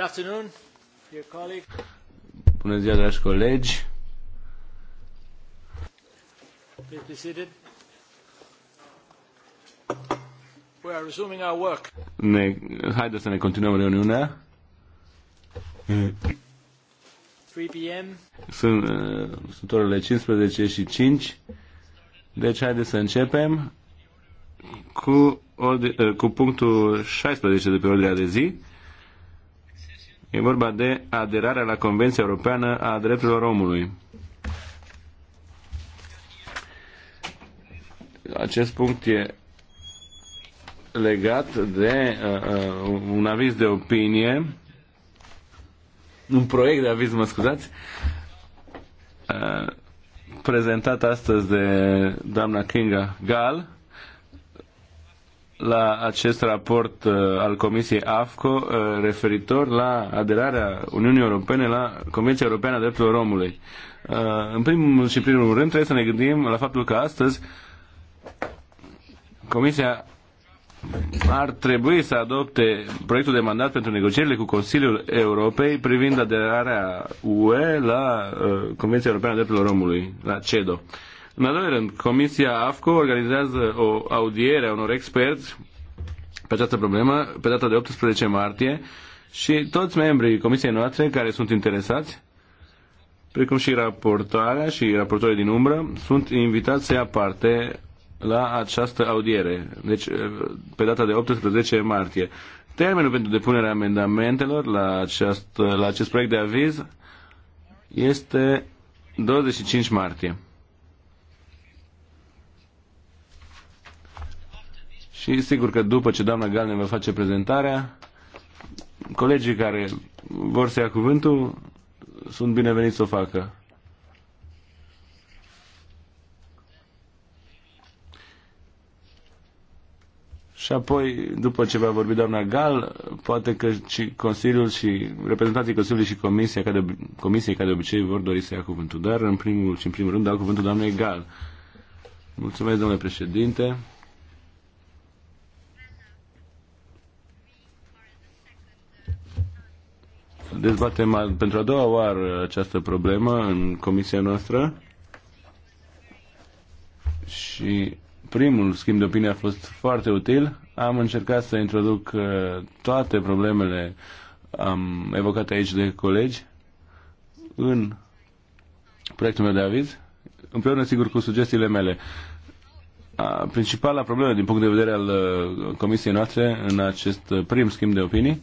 Good afternoon, dear colleague. Bună ziua, dragi colegi. Please be seated. We are resuming our work. Ne, haideți să ne continuăm reuniunea. 3 p.m. Sunt, uh, sunt orele 15 și 5. Deci haideți să începem cu, uh, cu punctul 16 de pe ordinea de zi E vorba de aderarea la Convenția Europeană a Drepturilor Omului. Acest punct e legat de uh, uh, un aviz de opinie, un proiect de aviz, mă scuzați, uh, prezentat astăzi de doamna Kinga Gal la acest raport uh, al Comisiei AFCO uh, referitor la aderarea Uniunii Europene la Convenția Europeană a Drepturilor Omului. Uh, în primul și primul rând trebuie să ne gândim la faptul că astăzi Comisia ar trebui să adopte proiectul de mandat pentru negocierile cu Consiliul Europei privind aderarea UE la uh, Convenția Europeană a Drepturilor Omului, la CEDO. Uh, în al doilea rând, Comisia AFCO organizează o audiere a unor experți pe această problemă pe data de 18 martie și toți membrii Comisiei noastre care sunt interesați, precum și raportoarea și raportorii din umbră, sunt invitați să ia parte la această audiere, deci pe data de 18 martie. Termenul pentru depunerea amendamentelor la acest, la acest proiect de aviz este 25 martie. Și sigur că după ce doamna Galne va face prezentarea, colegii care vor să ia cuvântul sunt bineveniți să o facă. Și apoi, după ce va vorbi doamna Gal, poate că și Consiliul și reprezentanții Consiliului și Comisia, ca de, Comisiei, ca de obicei, vor dori să ia cuvântul. Dar, în primul și în primul rând, dau cuvântul doamnei Gal. Mulțumesc, domnule președinte. dezbatem pentru a doua oară această problemă în comisia noastră și primul schimb de opinie a fost foarte util. Am încercat să introduc uh, toate problemele am evocate aici de colegi în proiectul meu de aviz, împreună, sigur, cu sugestiile mele. A, principala problemă din punct de vedere al uh, comisiei noastre în acest uh, prim schimb de opinii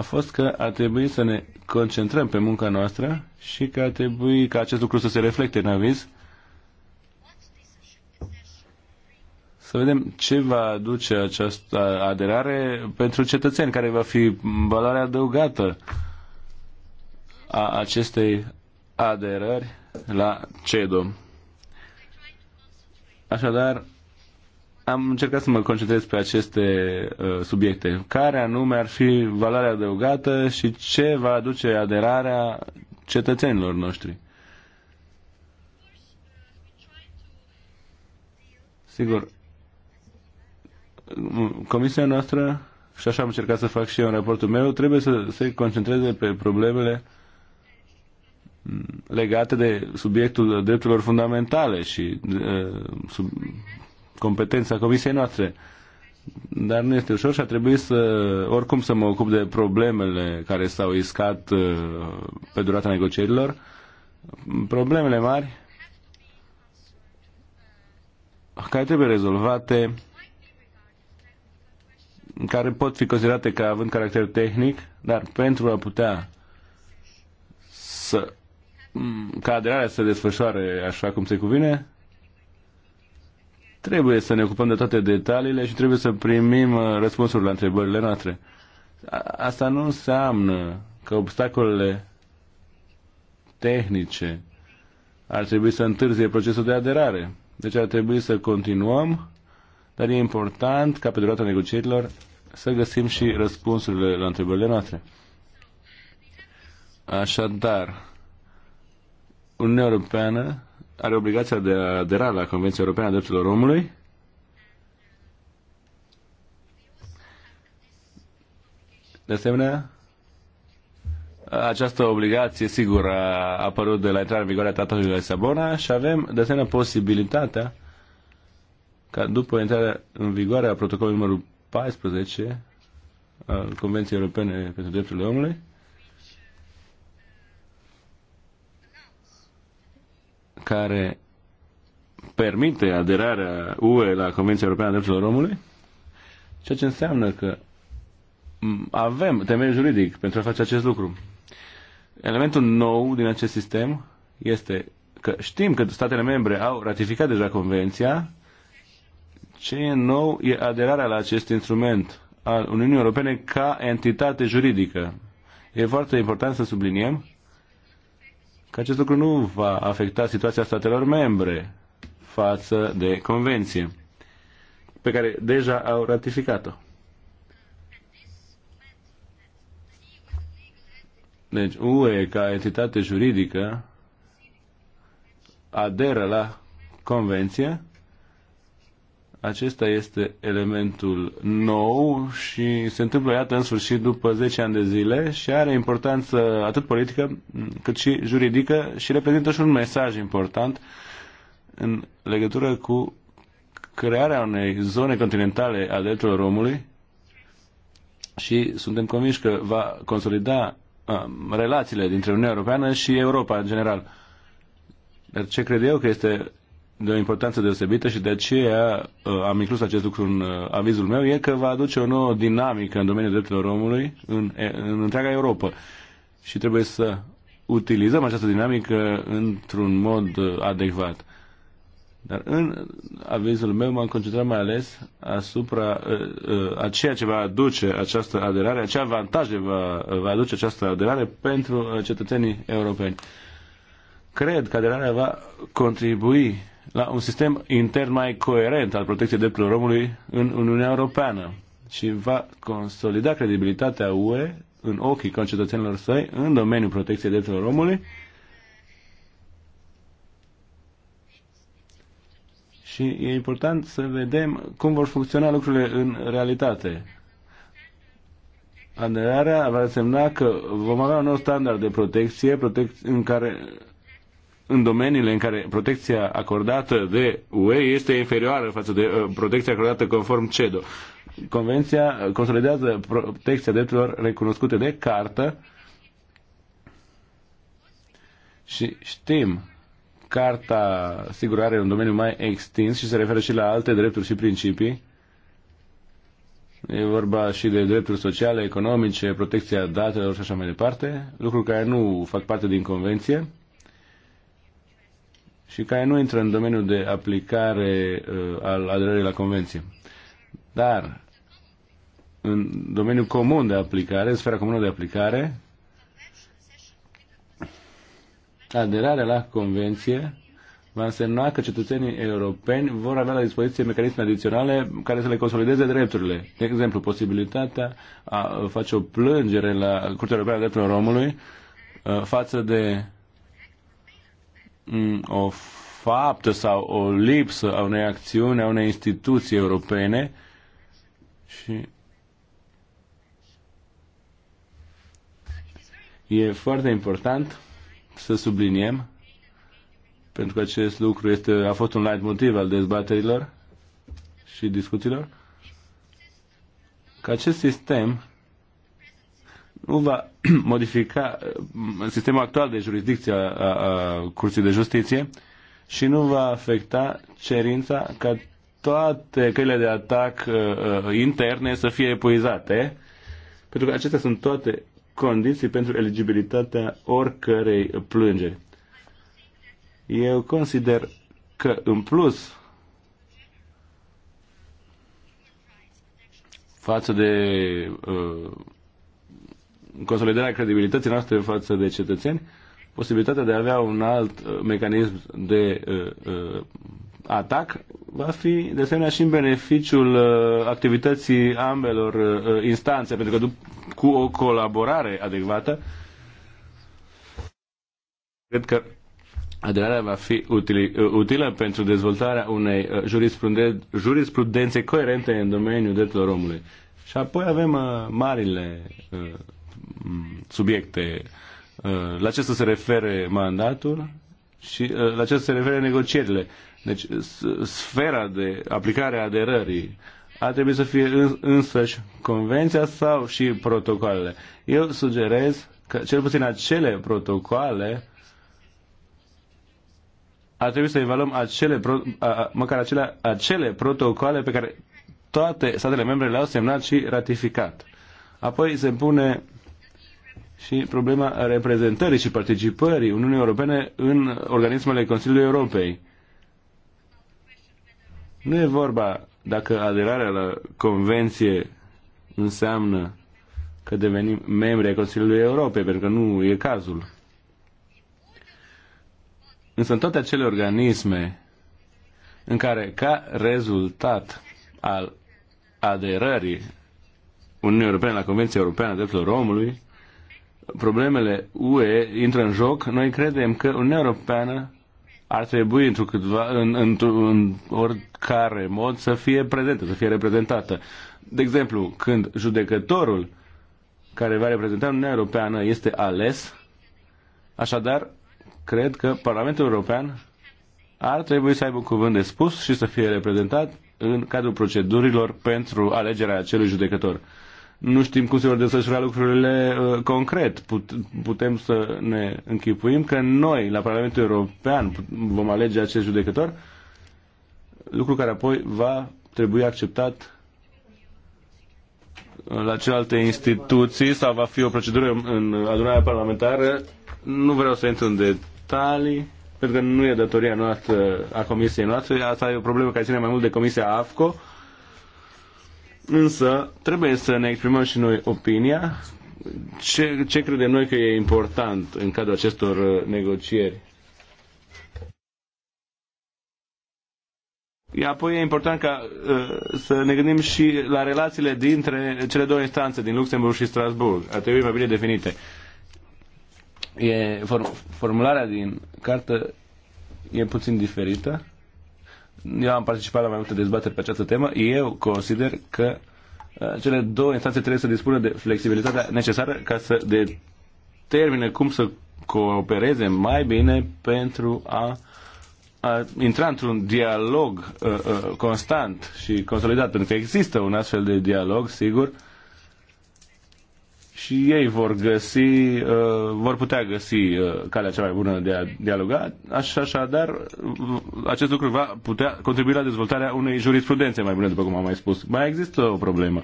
a fost că ar trebui să ne concentrăm pe munca noastră și că ar trebui ca acest lucru să se reflecte în aviz. Să vedem ce va aduce această aderare pentru cetățeni, care va fi valoarea adăugată a acestei aderări la CEDO. Așadar, am încercat să mă concentrez pe aceste uh, subiecte. Care anume ar fi valoarea adăugată și ce va aduce aderarea cetățenilor noștri? Sigur, comisia noastră, și așa am încercat să fac și eu în raportul meu, trebuie să se concentreze pe problemele mm, legate de subiectul drepturilor fundamentale și uh, sub, competența comisiei noastre. Dar nu este ușor și a trebuit să, oricum, să mă ocup de problemele care s-au iscat uh, pe durata negocierilor. Problemele mari care trebuie rezolvate, care pot fi considerate ca având caracter tehnic, dar pentru a putea să, ca aderarea să se desfășoare așa cum se cuvine, Trebuie să ne ocupăm de toate detaliile și trebuie să primim uh, răspunsuri la întrebările noastre. Asta nu înseamnă că obstacolele tehnice ar trebui să întârzie procesul de aderare. Deci ar trebui să continuăm, dar e important ca pe durata negocierilor să găsim și răspunsurile la întrebările noastre. Așadar, Uniunea Europeană are obligația de a adera la Convenția Europeană a Drepturilor Omului. De asemenea, această obligație, sigur, a apărut de la intrarea în vigoare a Tratatului de la Lisabona și avem, de asemenea, posibilitatea ca după intrarea în vigoare a protocolului numărul 14 al Convenției Europene pentru Drepturile Omului, care permite aderarea UE la Convenția Europeană a Drepturilor Omului, ceea ce înseamnă că avem temei juridic pentru a face acest lucru. Elementul nou din acest sistem este că știm că statele membre au ratificat deja convenția, ce e nou e aderarea la acest instrument al Uniunii Europene ca entitate juridică. E foarte important să subliniem că acest lucru nu va afecta situația statelor membre față de convenție pe care deja au ratificat-o. Deci UE ca entitate juridică aderă la convenție acesta este elementul nou și se întâmplă, iată, în sfârșit, după 10 ani de zile și are importanță atât politică cât și juridică și reprezintă și un mesaj important în legătură cu crearea unei zone continentale a drepturilor omului și suntem convinși că va consolida um, relațiile dintre Uniunea Europeană și Europa în general. Dar ce cred eu că este de o importanță deosebită și de aceea uh, am inclus acest lucru în uh, avizul meu, e că va aduce o nouă dinamică în domeniul drepturilor omului în, în întreaga Europa. Și trebuie să utilizăm această dinamică într-un mod uh, adecvat. Dar în avizul meu m-am concentrat mai ales asupra uh, uh, a ceea ce va aduce această aderare, a ce avantaje va, va aduce această aderare pentru uh, cetățenii europeni. Cred că aderarea va contribui la un sistem intern mai coerent al protecției drepturilor omului în Uniunea Europeană și va consolida credibilitatea UE în ochii concetățenilor săi în domeniul protecției drepturilor omului și e important să vedem cum vor funcționa lucrurile în realitate. Aderarea va însemna că vom avea un nou standard de protecție protec- în care în domeniile în care protecția acordată de UE este inferioară față de uh, protecția acordată conform CEDO. Convenția consolidează protecția drepturilor recunoscute de cartă și știm carta sigur are un domeniu mai extins și se referă și la alte drepturi și principii. E vorba și de drepturi sociale, economice, protecția datelor și așa mai departe, lucruri care nu fac parte din convenție și care nu intră în domeniul de aplicare uh, al aderării la convenție. Dar în domeniul comun de aplicare, în sfera comună de aplicare, aderarea la convenție va însemna că cetățenii europeni vor avea la dispoziție mecanisme adiționale care să le consolideze drepturile. De exemplu, posibilitatea a face o plângere la Curtea Europeană a Drepturilor Omului uh, față de Mm, o faptă sau o lipsă a unei acțiuni, a unei instituții europene și e foarte important să subliniem pentru că acest lucru este, a fost un light motiv al dezbaterilor și discuțiilor, că acest sistem nu va modifica uh, sistemul actual de jurisdicție a, a Curții de Justiție și nu va afecta cerința ca toate căile de atac a, uh, uh, interne să fie epuizate, pentru că acestea sunt toate condiții pentru eligibilitatea oricărei plângeri. Eu consider că, în plus, față de uh, consolidarea credibilității noastre față de cetățeni, posibilitatea de a avea un alt uh, mecanism de uh, uh, atac va fi de asemenea și în beneficiul uh, activității ambelor uh, uh instanțe, pentru că cu o colaborare adecvată, cred că aderarea va fi utili, uh, utilă pentru dezvoltarea unei uh, jurisprudențe, jurisprudențe coerente în domeniul drepturilor omului. Și apoi avem uh, marile uh, subiecte. Uh, la ce să se refere mandatul și uh, la ce să se refere negocierile. Deci sfera de aplicare a aderării a trebuit să fie însăși convenția sau și protocoalele. Eu sugerez că cel puțin acele protocoale a trebuit să evaluăm acele, pro, a, măcar acele, acele protocoale pe care toate statele membre le-au semnat și ratificat. Apoi se pune și problema reprezentării și participării Uniunii Europene în organismele Consiliului Europei. Nu e vorba dacă aderarea la convenție înseamnă că devenim membri ai Consiliului Europei, pentru că nu e cazul. Însă în toate acele organisme în care, ca rezultat al aderării Uniunii Europene la Convenția Europeană a Drepturilor Omului, problemele UE intră în joc, noi credem că Uniunea Europeană ar trebui într-un în, în, în oricare mod să fie prezentă, să fie reprezentată. De exemplu, când judecătorul care va reprezenta Uniunea Europeană este ales, așadar, cred că Parlamentul European ar trebui să aibă un cuvânt de spus și să fie reprezentat în cadrul procedurilor pentru alegerea acelui judecător nu știm cum se vor desfășura lucrurile uh, concret. Putem să ne închipuim că noi, la Parlamentul European, vom alege acest judecător, lucru care apoi va trebui acceptat uh, la celelalte instituții sau va fi o procedură în adunarea parlamentară. Nu vreau să intru în detalii, pentru că nu e datoria noastră a comisiei noastre. Asta e o problemă care ține mai mult de comisia AFCO Însă trebuie să ne exprimăm și noi opinia ce, ce credem noi că e important în cadrul acestor uh, negocieri. Apoi e important ca uh, să ne gândim și la relațiile dintre cele două instanțe, din Luxemburg și Strasburg. Ar trebui mai bine definite. E, form, formularea din cartă e puțin diferită. Eu am participat la mai multe dezbateri pe această temă. Eu consider că uh, cele două instanțe trebuie să dispună de flexibilitatea necesară ca să determine cum să coopereze mai bine pentru a, a intra într-un dialog uh, uh, constant și consolidat, pentru că există un astfel de dialog, sigur, uh, și ei vor găsi, uh, vor putea găsi uh, calea cea mai bună de a dialoga, așa, așadar acest lucru va putea contribui la dezvoltarea unei jurisprudențe mai bune, după cum am mai spus. Mai există o problemă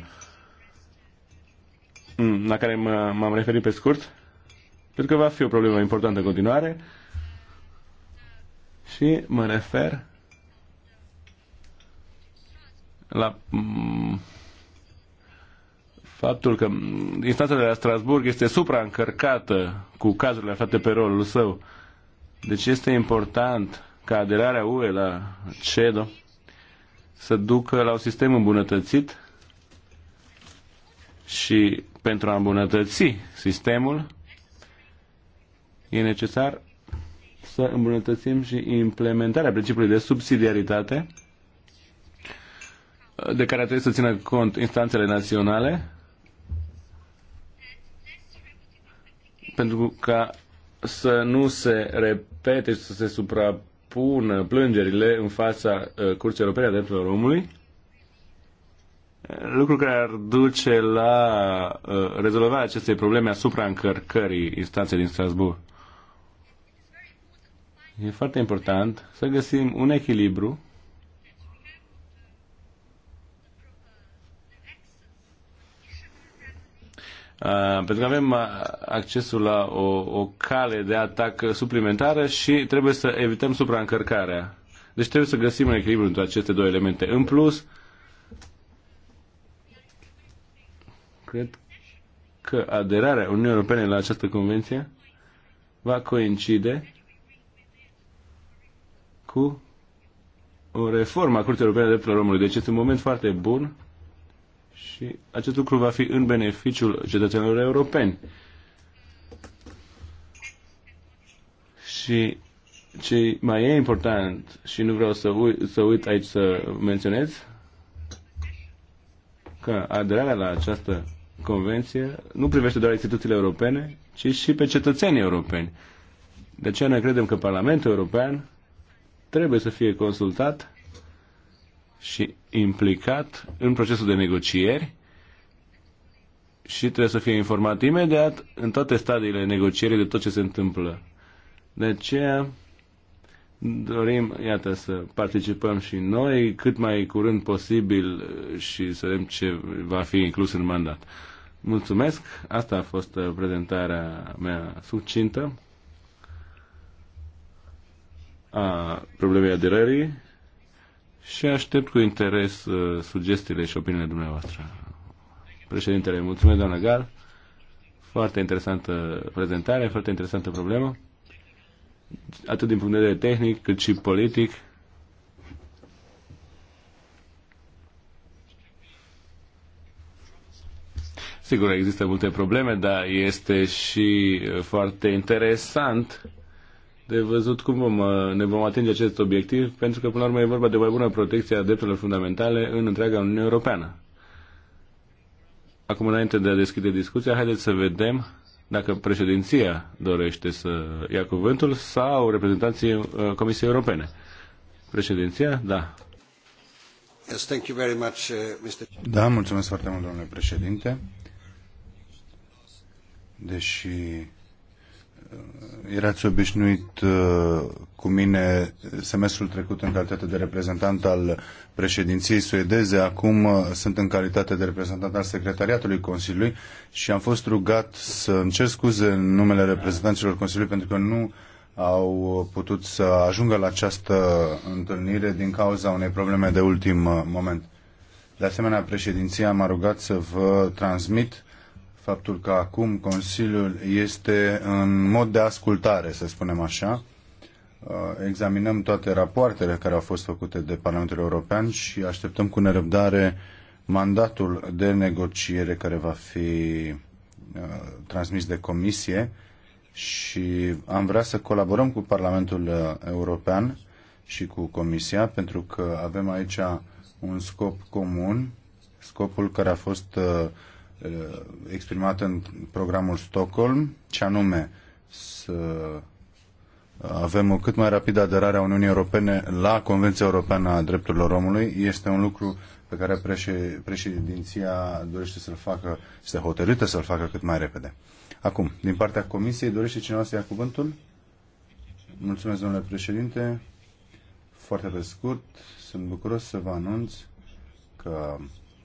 mm, la care m-am referit pe scurt, pentru că va fi o problemă importantă în continuare și mă refer la mm, faptul că instanța de la Strasburg este supraîncărcată cu cazurile aflate pe rolul său. Deci este important ca aderarea UE la CEDO să ducă la un sistem îmbunătățit și pentru a îmbunătăți sistemul e necesar să îmbunătățim și implementarea principiului de subsidiaritate de care trebuie să țină cont instanțele naționale pentru ca să nu se repete și să se suprapună plângerile în fața uh, Curții Europene a Drepturilor Omului, lucru care ar duce la uh, rezolvarea acestei probleme asupra încărcării instanței din Strasbourg. E foarte important să găsim un echilibru Uh, pentru că avem uh, accesul la o, o cale de atac suplimentară și trebuie să evităm supraîncărcarea. Deci trebuie să găsim un echilibru între aceste două elemente. În plus, cred că aderarea Uniunii Europene la această convenție va coincide cu o reformă a Curții Europene de Drepturile Omului. Deci este un moment foarte bun și acest lucru va fi în beneficiul cetățenilor europeni. Și ce mai e important și nu vreau să ui, să uit aici să menționez că aderarea la această convenție nu privește doar instituțiile europene, ci și pe cetățenii europeni. De aceea noi credem că Parlamentul European trebuie să fie consultat și implicat în procesul de negocieri și trebuie să fie informat imediat în toate stadiile negocierii de tot ce se întâmplă. De aceea dorim, iată, să participăm și noi cât mai curând posibil și să vedem ce va fi inclus în mandat. Mulțumesc, asta a fost uh, prezentarea mea succintă a problemei aderării și aștept cu interes uh, sugestiile și opiniile dumneavoastră. Președintele, mulțumesc, doamna Gal. Foarte interesantă prezentare, foarte interesantă problemă, atât din punct de vedere tehnic cât și politic. Sigur, există multe probleme, dar este și foarte interesant de văzut cum vom, uh, ne vom atinge acest obiectiv, pentru că până la urmă e vorba de mai bună protecție a drepturilor fundamentale în întreaga Uniune Europeană. Acum, înainte de a deschide discuția, haideți să vedem dacă președinția dorește să ia cuvântul sau reprezentanții uh, Comisiei Europene. Președinția? Da. Yes, thank you very much, uh, Mr. Da, mulțumesc foarte mult, domnule președinte. Deși erați obișnuit uh, cu mine semestrul trecut în calitate de reprezentant al președinției suedeze, acum uh, sunt în calitate de reprezentant al secretariatului Consiliului și am fost rugat să îmi cer scuze în numele reprezentanților Consiliului pentru că nu au putut să ajungă la această întâlnire din cauza unei probleme de ultim uh, moment. De asemenea, președinția m-a rugat să vă transmit faptul că acum Consiliul este în mod de ascultare, să spunem așa. Uh, examinăm toate rapoartele care au fost făcute de Parlamentul European și așteptăm cu nerăbdare mandatul de negociere care va fi uh, transmis de Comisie și am vrea să colaborăm cu Parlamentul uh, European și cu Comisia pentru că avem aici un scop comun, scopul care a fost uh, Uh, exprimat în programul Stockholm, ce anume să avem o cât mai rapidă aderare a Uniunii Europene la Convenția Europeană a Drepturilor Omului. Este un lucru pe care președinția dorește să-l facă, este hotărâtă să-l facă cât mai repede. Acum, din partea Comisiei, dorește cineva să ia cuvântul? Mulțumesc, domnule președinte. Foarte pe scurt, sunt bucuros să vă anunț că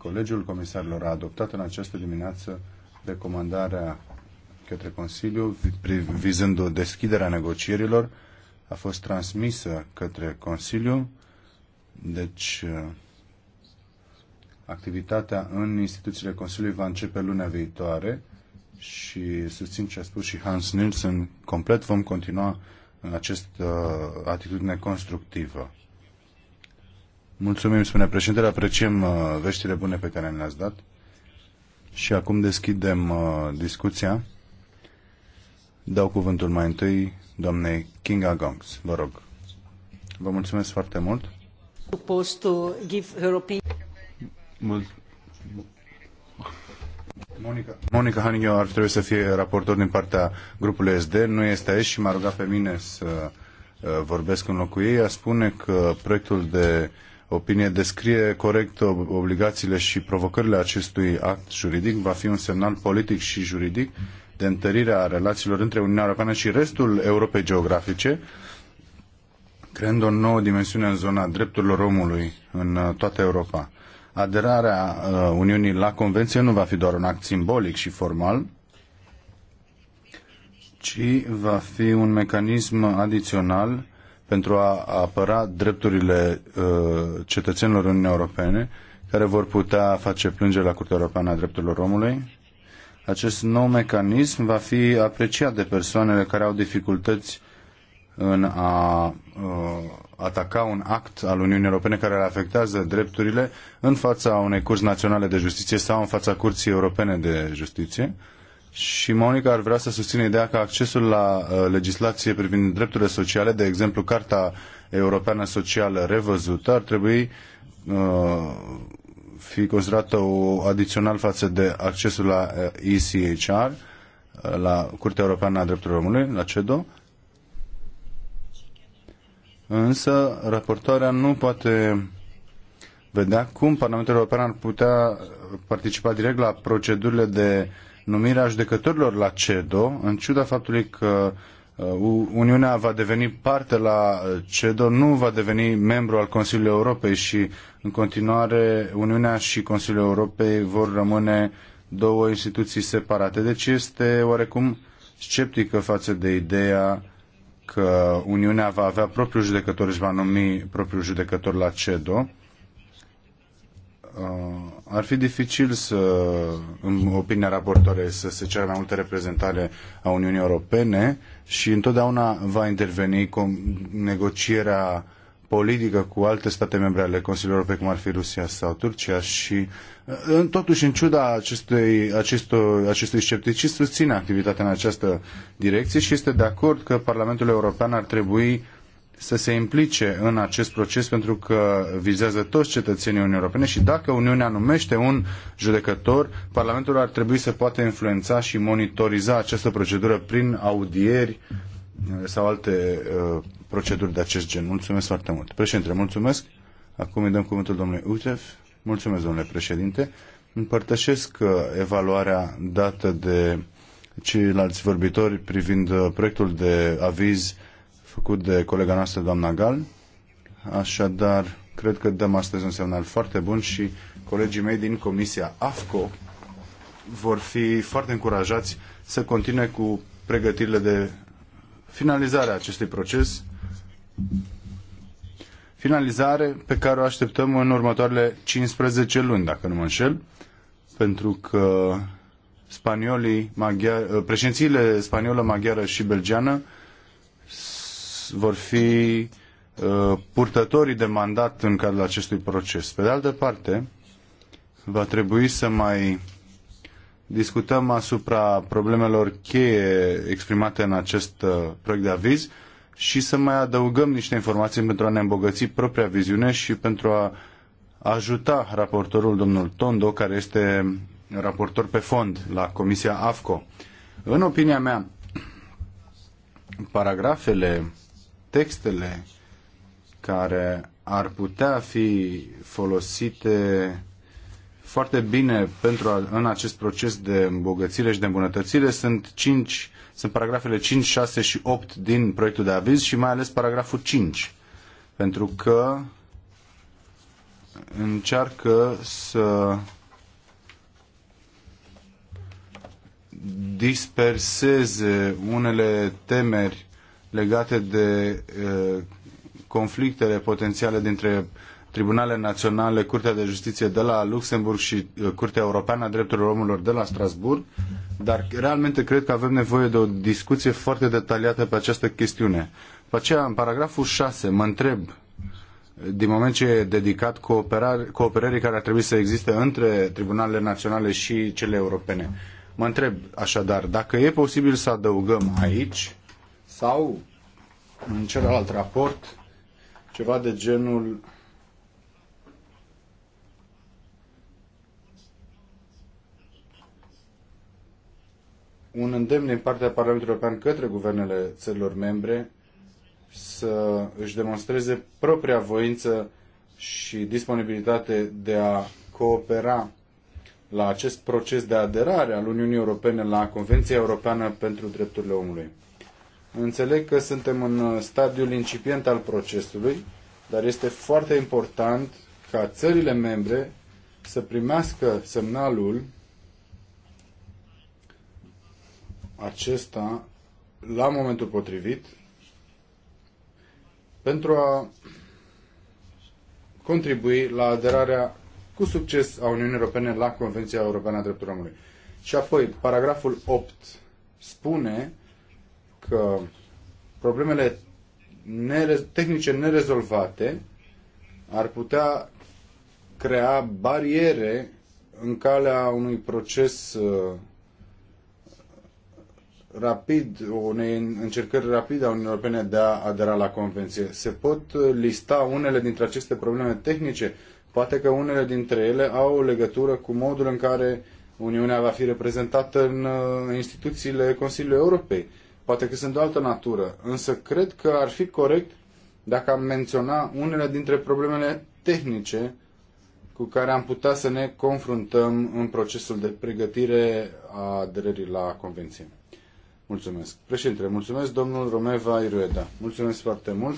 Colegiul Comisarilor a adoptat în această dimineață recomandarea către Consiliu vizând o deschidere a negocierilor. A fost transmisă către Consiliu, deci uh, activitatea în instituțiile Consiliului va începe lunea viitoare și susțin ce a spus și Hans Nielsen complet, vom continua în această uh, atitudine constructivă. Mulțumim, spune președintele. Apreciem uh, veștile bune pe care ne-ați dat. Și acum deschidem uh, discuția. Dau cuvântul mai întâi doamnei Kinga Gongs. Vă rog. Vă mulțumesc foarte mult. Monica, Monica Hanigheu ar trebui să fie raportor din partea grupului SD, nu este aici și m-a rugat pe mine să uh, vorbesc în locul ei. Ea spune că proiectul de opinie, descrie corect obligațiile și provocările acestui act juridic, va fi un semnal politic și juridic de întărire a relațiilor între Uniunea Europeană și restul Europei geografice, creând o nouă dimensiune în zona drepturilor omului în uh, toată Europa. Aderarea uh, Uniunii la Convenție nu va fi doar un act simbolic și formal, ci va fi un mecanism adițional pentru a apăra drepturile uh, cetățenilor Uniunii Europene care vor putea face plângere la Curtea Europeană a Drepturilor Omului. Acest nou mecanism va fi apreciat de persoanele care au dificultăți în a uh, ataca un act al Uniunii Europene care le afectează drepturile în fața unei curți naționale de justiție sau în fața Curții Europene de Justiție. Uh, și Monica ar vrea să susțină ideea că accesul la uh, legislație privind drepturile sociale, de exemplu Carta Europeană Socială revăzută, ar trebui uh, fi considerată o adițional față de accesul la uh, ECHR, uh, la Curtea Europeană a Drepturilor Omului, la CEDO. Însă, raportoarea nu poate vedea cum Parlamentul European ar putea participa direct la procedurile de uh, numirea judecătorilor la CEDO, în ciuda faptului că uh, Uniunea va deveni parte la uh, CEDO, nu va deveni membru al Consiliului Europei și în continuare Uniunea și Consiliul Europei vor rămâne două instituții separate. Deci este oarecum sceptică față de ideea că Uniunea va avea propriul judecător, își va numi propriul judecător la CEDO. Uh, ar fi dificil să, în opinia raportoare, să se ceară mai multe reprezentare a Uniunii Europene și întotdeauna va interveni cu negocierea politică cu alte state membre ale Consiliului Europei, cum ar fi Rusia sau Turcia și uh, totuși, în ciuda acestui, acestui, acestui scepticism, susține activitatea în această direcție și este de acord că Parlamentul European ar trebui să se implice în acest proces pentru că vizează toți cetățenii Uniunii Europene și dacă Uniunea numește un judecător, Parlamentul ar trebui să poată influența și monitoriza această procedură prin audieri uh, sau alte uh, proceduri de acest gen. Mulțumesc foarte mult. Președinte, mulțumesc. Acum îi dăm cuvântul domnului Utef. Mulțumesc, domnule președinte. Împărtășesc uh, evaluarea dată de ceilalți vorbitori privind uh, proiectul de aviz făcut de colega noastră, doamna Gal. Așadar, cred că dăm astăzi un semnal foarte bun și colegii mei din Comisia AFCO vor fi foarte încurajați să continue cu pregătirile de finalizare a acestui proces, finalizare pe care o așteptăm în următoarele 15 luni, dacă nu mă înșel, pentru că spaniolii, maghiar, președințiile spaniolă, maghiară și belgeană vor fi uh, purtătorii de mandat în cadrul acestui proces. Pe de altă parte, va trebui să mai discutăm asupra problemelor cheie exprimate în acest uh, proiect de aviz și să mai adăugăm niște informații pentru a ne îmbogăți propria viziune și pentru a ajuta raportorul domnul Tondo, care este raportor pe fond la Comisia AFCO. În opinia mea, paragrafele textele care ar putea fi folosite foarte bine pentru a, în acest proces de îmbogățire și de îmbunătățire sunt, 5, sunt paragrafele 5, 6 și 8 din proiectul de aviz și mai ales paragraful 5. Pentru că încearcă să disperseze unele temeri legate de conflictele potențiale dintre Tribunale Naționale, Curtea de Justiție de la Luxemburg și Curtea Europeană a Drepturilor Omului de la Strasbourg, dar realmente cred că avem nevoie de o discuție foarte detaliată pe această chestiune. După aceea, în paragraful 6, mă întreb, din moment ce e dedicat cooperării care ar trebui să existe între tribunalele naționale și cele europene, mă întreb așadar, dacă e posibil să adăugăm aici sau, în celălalt raport, ceva de genul un îndemn din partea Parlamentului European către guvernele țărilor membre să își demonstreze propria voință și disponibilitate de a coopera la acest proces de aderare al Uniunii Europene la Convenția Europeană pentru Drepturile Omului. Înțeleg că suntem în uh, stadiul incipient al procesului, dar este foarte important ca țările membre să primească semnalul acesta la momentul potrivit pentru a contribui la aderarea cu succes a Uniunii Europene la Convenția Europeană a Drepturilor Omului. Și apoi, paragraful 8 spune că problemele nere- tehnice nerezolvate ar putea crea bariere în calea unui proces uh, rapid, unei încercări rapide a Uniunii Europene de a adera la Convenție. Se pot uh, lista unele dintre aceste probleme tehnice? Poate că unele dintre ele au legătură cu modul în care Uniunea va fi reprezentată în uh, instituțiile Consiliului Europei poate că sunt de altă natură, însă cred că ar fi corect dacă am menționa unele dintre problemele tehnice cu care am putea să ne confruntăm în procesul de pregătire a aderării la Convenție. Mulțumesc. Președinte, mulțumesc domnul Romeva Irueda. Mulțumesc foarte mult.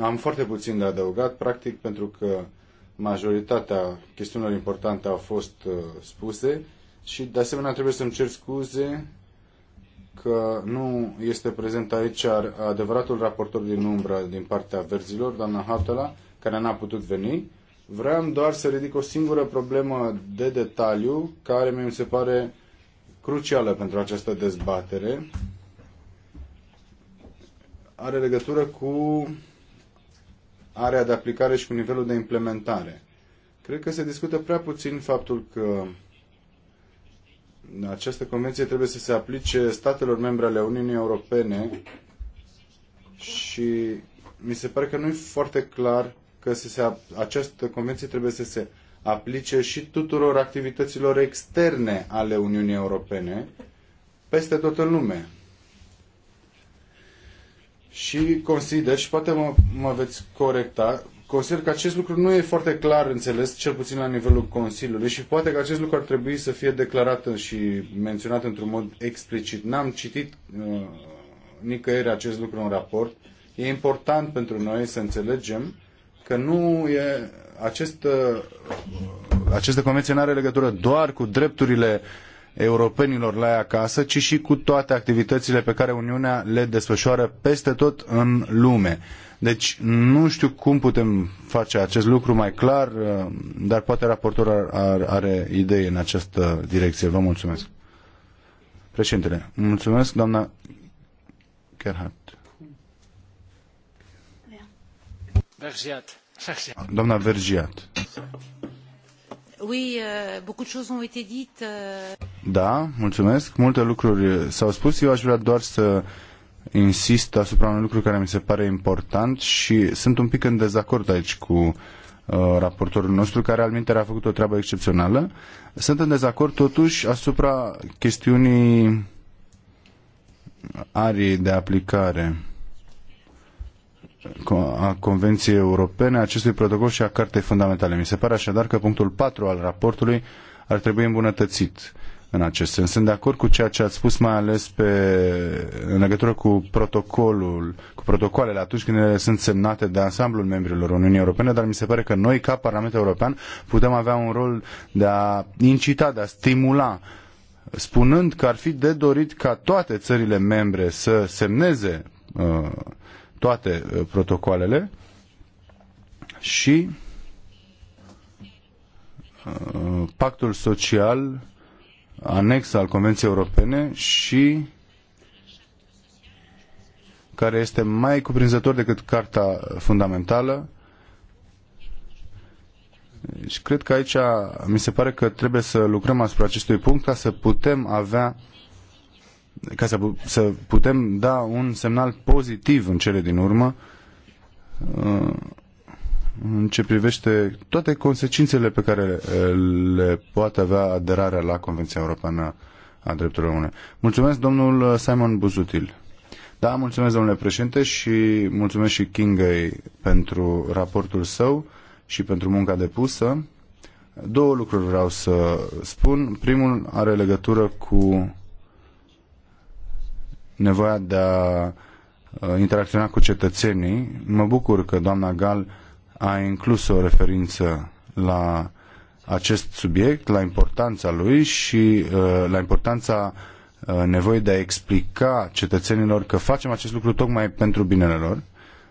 Am foarte puțin de adăugat, practic, pentru că majoritatea chestiunilor importante au fost uh, spuse și, de asemenea, trebuie să-mi cer scuze că nu este prezent aici adevăratul raportor din umbră din partea verzilor, doamna Hautela, care n-a putut veni. Vreau doar să ridic o singură problemă de detaliu care mi se pare crucială pentru această dezbatere. Are legătură cu area de aplicare și cu nivelul de implementare. Cred că se discută prea puțin faptul că această convenție trebuie să se aplice statelor membre ale Uniunii Europene și mi se pare că nu e foarte clar că se, se, această convenție trebuie să se aplice și tuturor activităților externe ale Uniunii Europene peste tot în lume. Și consider, și poate mă, mă veți corecta, Consider că acest lucru nu e foarte clar înțeles, cel puțin la nivelul Consiliului și poate că acest lucru ar trebui să fie declarat și menționat într-un mod explicit. N-am citit uh, nicăieri acest lucru în raport. E important pentru noi să înțelegem că nu e acest, uh, această convenție nu are legătură doar cu drepturile europenilor la ei acasă, ci și cu toate activitățile pe care Uniunea le desfășoară peste tot în lume deci nu știu cum putem face acest lucru mai clar, uh, dar poate raportorul ar, ar, are idei în această direcție. Vă mulțumesc. Președintele, mulțumesc, doamna Gerhardt. Vergiat. Doamna Vergiat. Oui, euh, beaucoup de choses ont été dites. Euh. Da, mulțumesc. Multe lucruri s-au spus. Eu aș vrea doar să insist asupra unui lucru care mi se pare important și sunt un pic în dezacord aici cu uh, raportorul nostru, care al a făcut o treabă excepțională. Sunt în dezacord totuși asupra chestiunii arii de aplicare a Convenției Europene, a acestui protocol și a Cartei Fundamentale. Mi se pare așadar că punctul 4 al raportului ar trebui îmbunătățit în acest sens. Sunt de acord cu ceea ce ați spus, mai ales pe, în legătură cu protocolul, cu protocoalele atunci când ele sunt semnate de ansamblul membrilor Uniunii Europene, dar mi se pare că noi, ca Parlamentul European, putem avea un rol de a incita, de a stimula spunând că ar fi de dorit ca toate țările membre să semneze uh, toate uh, protocoalele și uh, pactul social anex al Convenției Europene și care este mai cuprinzător decât Carta Fundamentală. Și cred că aici mi se pare că trebuie să lucrăm asupra acestui punct ca să putem avea ca să, să putem da un semnal pozitiv în cele din urmă uh, în ce privește toate consecințele pe care eh, le poate avea aderarea la Convenția Europeană a Drepturilor Omului. Mulțumesc, domnul eh, Simon Buzutil. Da, mulțumesc, domnule președinte, și mulțumesc și Kingei pentru raportul său și pentru munca depusă. Două lucruri vreau să spun. Primul are legătură cu nevoia de a eh, interacționa cu cetățenii. Mă bucur că doamna Gal a inclus o referință la acest subiect, la importanța lui și uh, la importanța uh, nevoii de a explica cetățenilor că facem acest lucru tocmai pentru binele lor.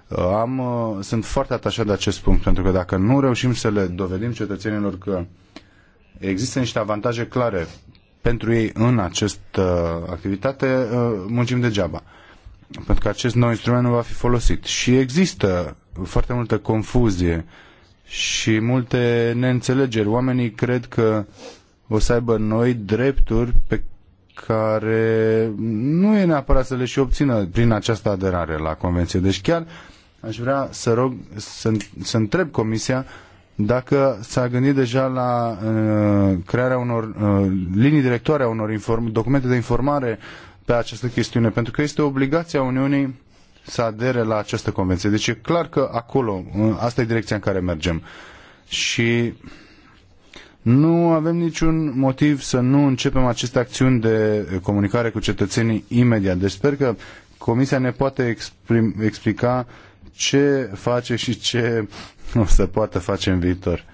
Uh, am, sunt foarte atașat de acest punct, pentru că dacă nu reușim să le dovedim cetățenilor că există niște avantaje clare pentru ei în această activitate, muncim degeaba. Pentru că acest nou instrument nu va fi folosit. Și există foarte multă confuzie și multe neînțelegeri. Oamenii cred că o să aibă noi drepturi pe care nu e neapărat să le și obțină prin această aderare la convenție. Deci chiar aș vrea să rog să, să întreb Comisia dacă s-a gândit deja la uh, crearea unor uh, linii directoare, a unor inform- documente de informare pe această chestiune, pentru că este obligația Uniunii să adere la această convenție. Deci e clar că acolo, asta e direcția în care mergem. Și nu avem niciun motiv să nu începem aceste acțiuni de comunicare cu cetățenii imediat. Deci sper că Comisia ne poate exprim, explica ce face și ce nu se poate face în viitor.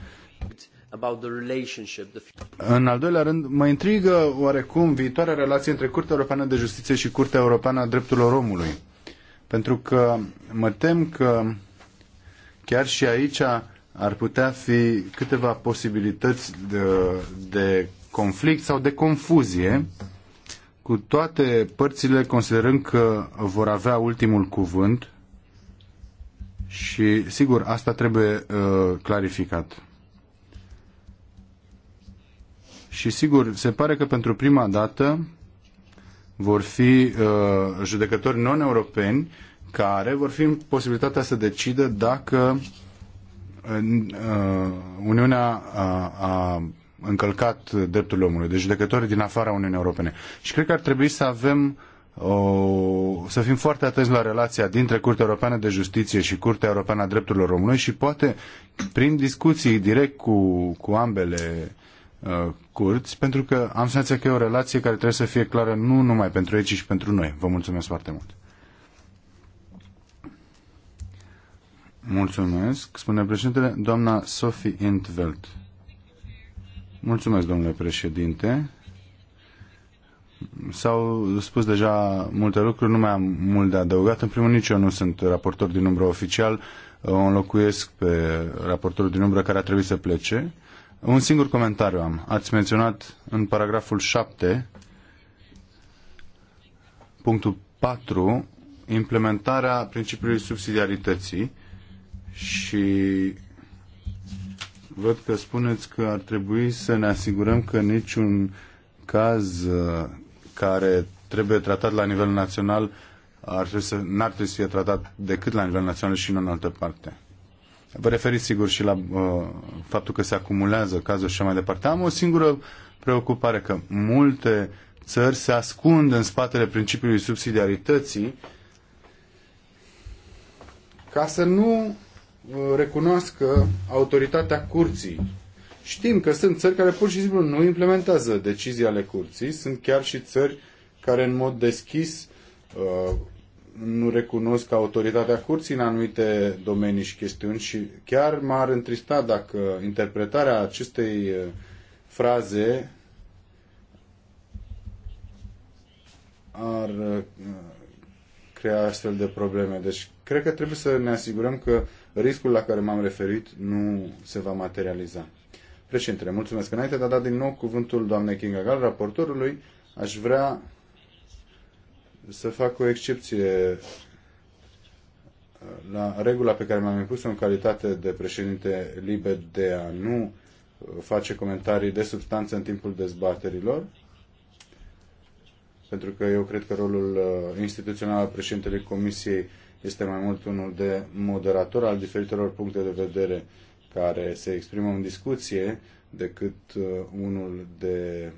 În al doilea rând, mă intrigă oarecum viitoarea relație între Curtea Europeană de Justiție și Curtea Europeană a Drepturilor Omului. Pentru că mă tem că chiar și aici ar putea fi câteva posibilități de, de conflict sau de confuzie, cu toate părțile considerând că vor avea ultimul cuvânt și, sigur, asta trebuie uh, clarificat. Și, sigur, se pare că pentru prima dată vor fi uh, judecători non-europeni care vor fi în posibilitatea să decidă dacă uh, Uniunea a încălcat drepturile omului, deci judecători din afara Uniunii Europene. Și cred că ar trebui să avem o, să fim foarte atenți la relația dintre Curtea Europeană de Justiție și Curtea Europeană a Drepturilor Omului și poate prin discuții direct cu, cu ambele Uh, curți, pentru că am senzația că e o relație care trebuie să fie clară nu numai pentru ei, ci și pentru noi. Vă mulțumesc foarte mult. Mulțumesc. Spune președintele, doamna Sophie Intveld. Mulțumesc, domnule președinte. S-au spus deja multe lucruri, nu mai am mult de adăugat. În primul nici eu nu sunt raportor din umbră oficial, o înlocuiesc pe raportorul din umbră care a trebuit să plece. Un singur comentariu am. Ați menționat în paragraful 7, punctul 4, implementarea principiului subsidiarității și văd că spuneți că ar trebui să ne asigurăm că niciun caz uh, care trebuie tratat la nivel național ar trebui să, n-ar trebui să fie tratat decât la nivel național și nu în altă parte. Vă referiți sigur și la uh, faptul că se acumulează cazuri și mai departe. Am o singură preocupare că multe țări se ascund în spatele principiului subsidiarității ca să nu uh, recunoască autoritatea curții. Știm că sunt țări care pur și simplu nu implementează decizii ale curții, sunt chiar și țări care în mod deschis uh, nu recunosc autoritatea curții în anumite domenii și chestiuni și chiar m-ar întrista dacă interpretarea acestei uh, fraze ar uh, crea astfel de probleme. Deci cred că trebuie să ne asigurăm că riscul la care m-am referit nu se va materializa. Președintele, mulțumesc. Înainte de a da din nou cuvântul doamnei Kinga Gal, raportorului, aș vrea să fac o excepție uh, la regula pe care mi-am impus-o în calitate de președinte liber de a nu uh, face comentarii de substanță în timpul dezbaterilor, pentru că eu cred că rolul uh, instituțional al președintelui Comisiei este mai mult unul de moderator al diferitelor puncte de vedere care se exprimă în discuție decât unul de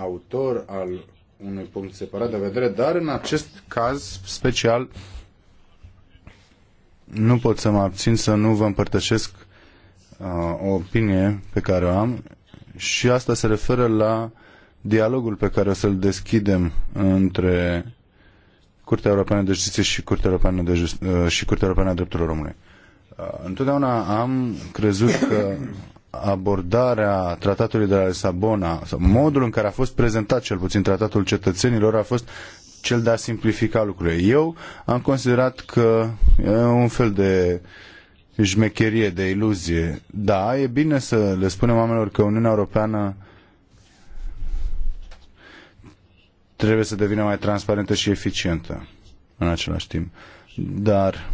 autor al unui punct separat de vedere, dar în acest caz special nu pot să mă abțin să nu vă împărtășesc uh, o opinie pe care o am și asta se referă la dialogul pe care o să-l deschidem între Curtea Europeană de Justiție și Curtea Europeană, de Just- uh, și Curtea Europeană a Drepturilor Omului. Uh, întotdeauna am crezut că abordarea tratatului de la Lisabona, sau modul în care a fost prezentat cel puțin tratatul cetățenilor a fost cel de a simplifica lucrurile. Eu am considerat că e un fel de jmecherie, de iluzie. Da, e bine să le spunem oamenilor că Uniunea Europeană trebuie să devină mai transparentă și eficientă în același timp. Dar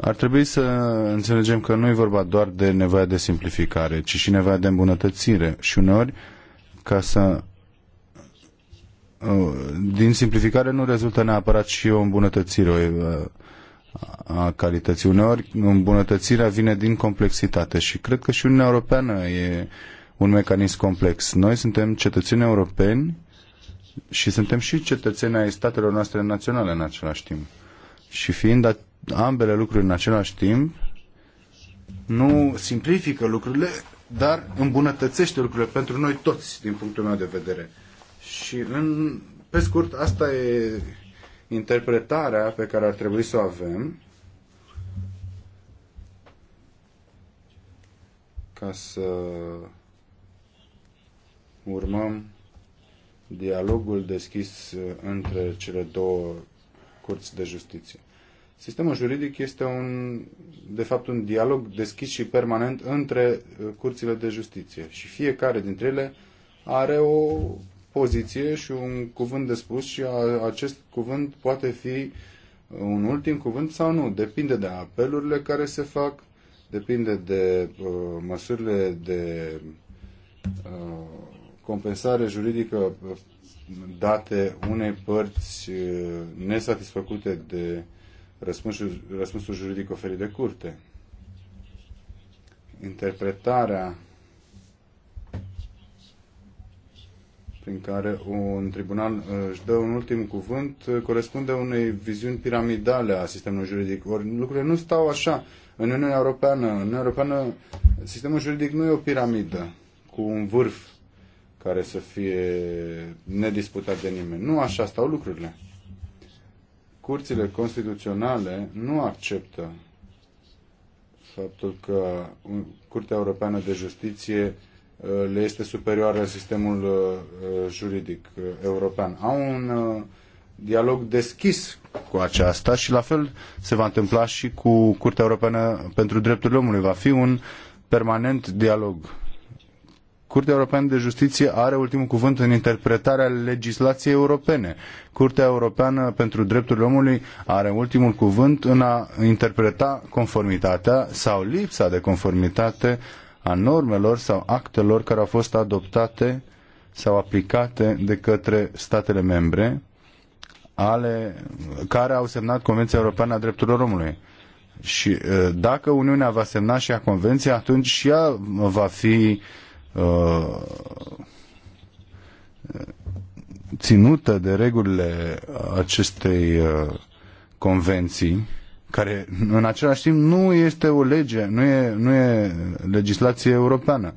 Ar trebui să înțelegem că nu e vorba doar de nevoia de simplificare, ci și nevoia de îmbunătățire. Și uneori, ca să uh, din simplificare nu rezultă neapărat și o îmbunătățire uh, a calității. Uneori îmbunătățirea vine din complexitate și cred că și Uniunea Europeană e un mecanism complex. Noi suntem cetățeni europeni și suntem și cetățeni ai statelor noastre naționale în același timp. Și fiind ambele lucruri în același timp nu simplifică lucrurile, dar îmbunătățește lucrurile pentru noi toți, din punctul meu de vedere. Și, în, pe scurt, asta e interpretarea pe care ar trebui să o avem ca să urmăm dialogul deschis între cele două curți de justiție. Sistemul juridic este un, de fapt un dialog deschis și permanent între uh, curțile de justiție și fiecare dintre ele are o poziție și un cuvânt de spus și a, acest cuvânt poate fi uh, un ultim cuvânt sau nu. Depinde de apelurile care se fac, depinde de uh, măsurile de uh, compensare juridică uh, date unei părți uh, nesatisfăcute de uh, răspunsul, răspunsul juridic oferit de curte. Interpretarea prin care un tribunal uh, își dă un ultim cuvânt uh, corespunde unei viziuni piramidale a sistemului juridic. Ori lucrurile nu stau așa. În Uniunea Europeană, în Uniunea Europeană sistemul juridic nu e o piramidă cu un vârf care să fie nedisputat de nimeni. Nu așa stau lucrurile curțile constituționale nu acceptă faptul că Curtea Europeană de Justiție uh, le este superioară sistemul uh, uh, juridic european. Au un dialog deschis cu aceasta și la fel se va întâmpla și cu Curtea Europeană pentru Drepturile Omului. Va fi un permanent dialog Curtea Europeană de Justiție are ultimul cuvânt în interpretarea legislației europene. Curtea Europeană pentru Drepturile Omului are ultimul cuvânt în a interpreta conformitatea sau lipsa de conformitate a normelor sau actelor care au fost adoptate sau aplicate de către statele membre ale, care au semnat Convenția Europeană a Drepturilor Omului. Și eh, dacă Uniunea va semna și a Convenția, atunci și ea va fi uh, Uh, ținută de regulile acestei uh, convenții, care în același timp nu este o lege, nu e, nu e legislație europeană,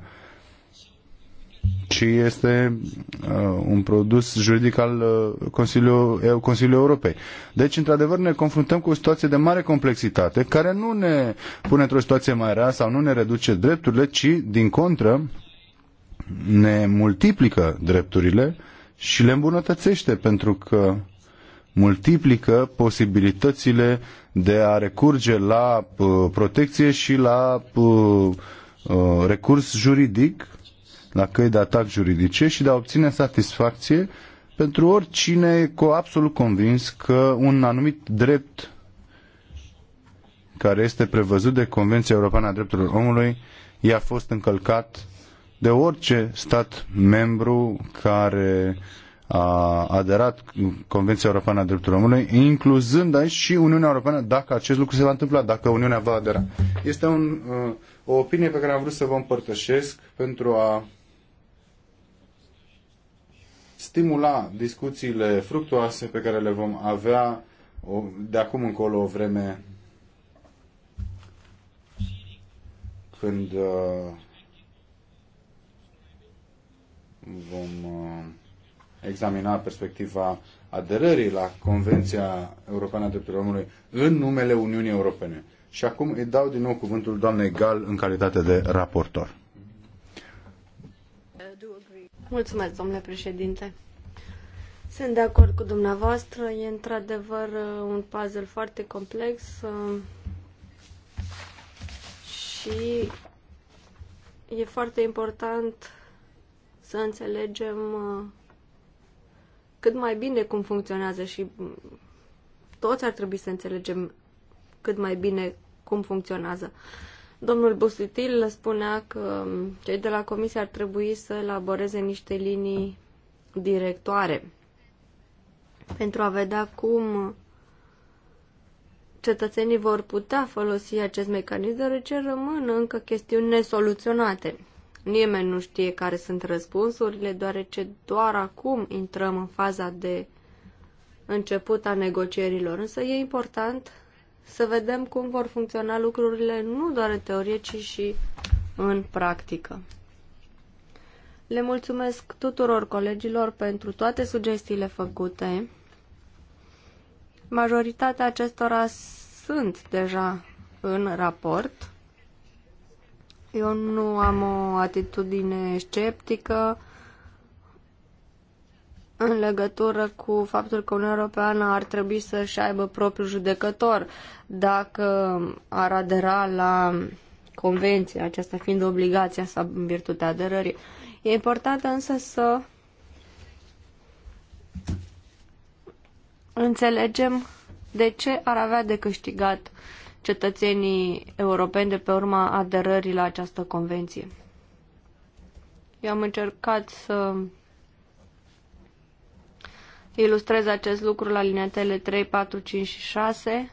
ci este uh, un produs juridic al uh, Consiliului, Consiliului Europei. Deci, într-adevăr, ne confruntăm cu o situație de mare complexitate, care nu ne pune într-o situație mai rea sau nu ne reduce drepturile, ci, din contră, ne multiplică drepturile și le îmbunătățește pentru că multiplică posibilitățile de a recurge la uh, protecție și la uh, uh, recurs juridic, la căi de atac juridice și de a obține satisfacție pentru oricine e cu absolut convins că un anumit drept care este prevăzut de Convenția Europeană a Drepturilor Omului i-a fost încălcat de orice stat membru care a aderat Convenția Europeană a Drepturilor Omului, incluzând aici și Uniunea Europeană, dacă acest lucru se va întâmpla, dacă Uniunea va adera. Este un, uh, o opinie pe care am vrut să vă împărtășesc pentru a stimula discuțiile fructuoase pe care le vom avea de acum încolo o vreme când uh, vom uh, examina perspectiva aderării la Convenția Europeană a Drepturilor Omului în numele Uniunii Europene. Și acum îi dau din nou cuvântul doamnei Gal în calitate de raportor. Mulțumesc, domnule președinte. Sunt de acord cu dumneavoastră. E într-adevăr uh, un puzzle foarte complex uh, și e foarte important să înțelegem uh, cât mai bine cum funcționează și mm, toți ar trebui să înțelegem cât mai bine cum funcționează. Domnul Busutil spunea că mm, cei de la comisie ar trebui să elaboreze niște linii directoare pentru a vedea cum cetățenii vor putea folosi acest mecanism, deoarece rămân încă chestiuni nesoluționate. Nimeni nu știe care sunt răspunsurile, deoarece doar acum intrăm în faza de început a negocierilor. Însă e important să vedem cum vor funcționa lucrurile nu doar în teorie, ci și în practică. Le mulțumesc tuturor colegilor pentru toate sugestiile făcute. Majoritatea acestora sunt deja în raport. Eu nu am o atitudine sceptică în legătură cu faptul că Uniunea Europeană ar trebui să-și aibă propriul judecător dacă ar adera la convenție, aceasta fiind obligația sa în virtutea aderării. E important însă să înțelegem de ce ar avea de câștigat uh, cetățenii europeni de pe urma aderării la această convenție. Eu am încercat să ilustrez acest lucru la liniatele 3, 4, 5 și 6.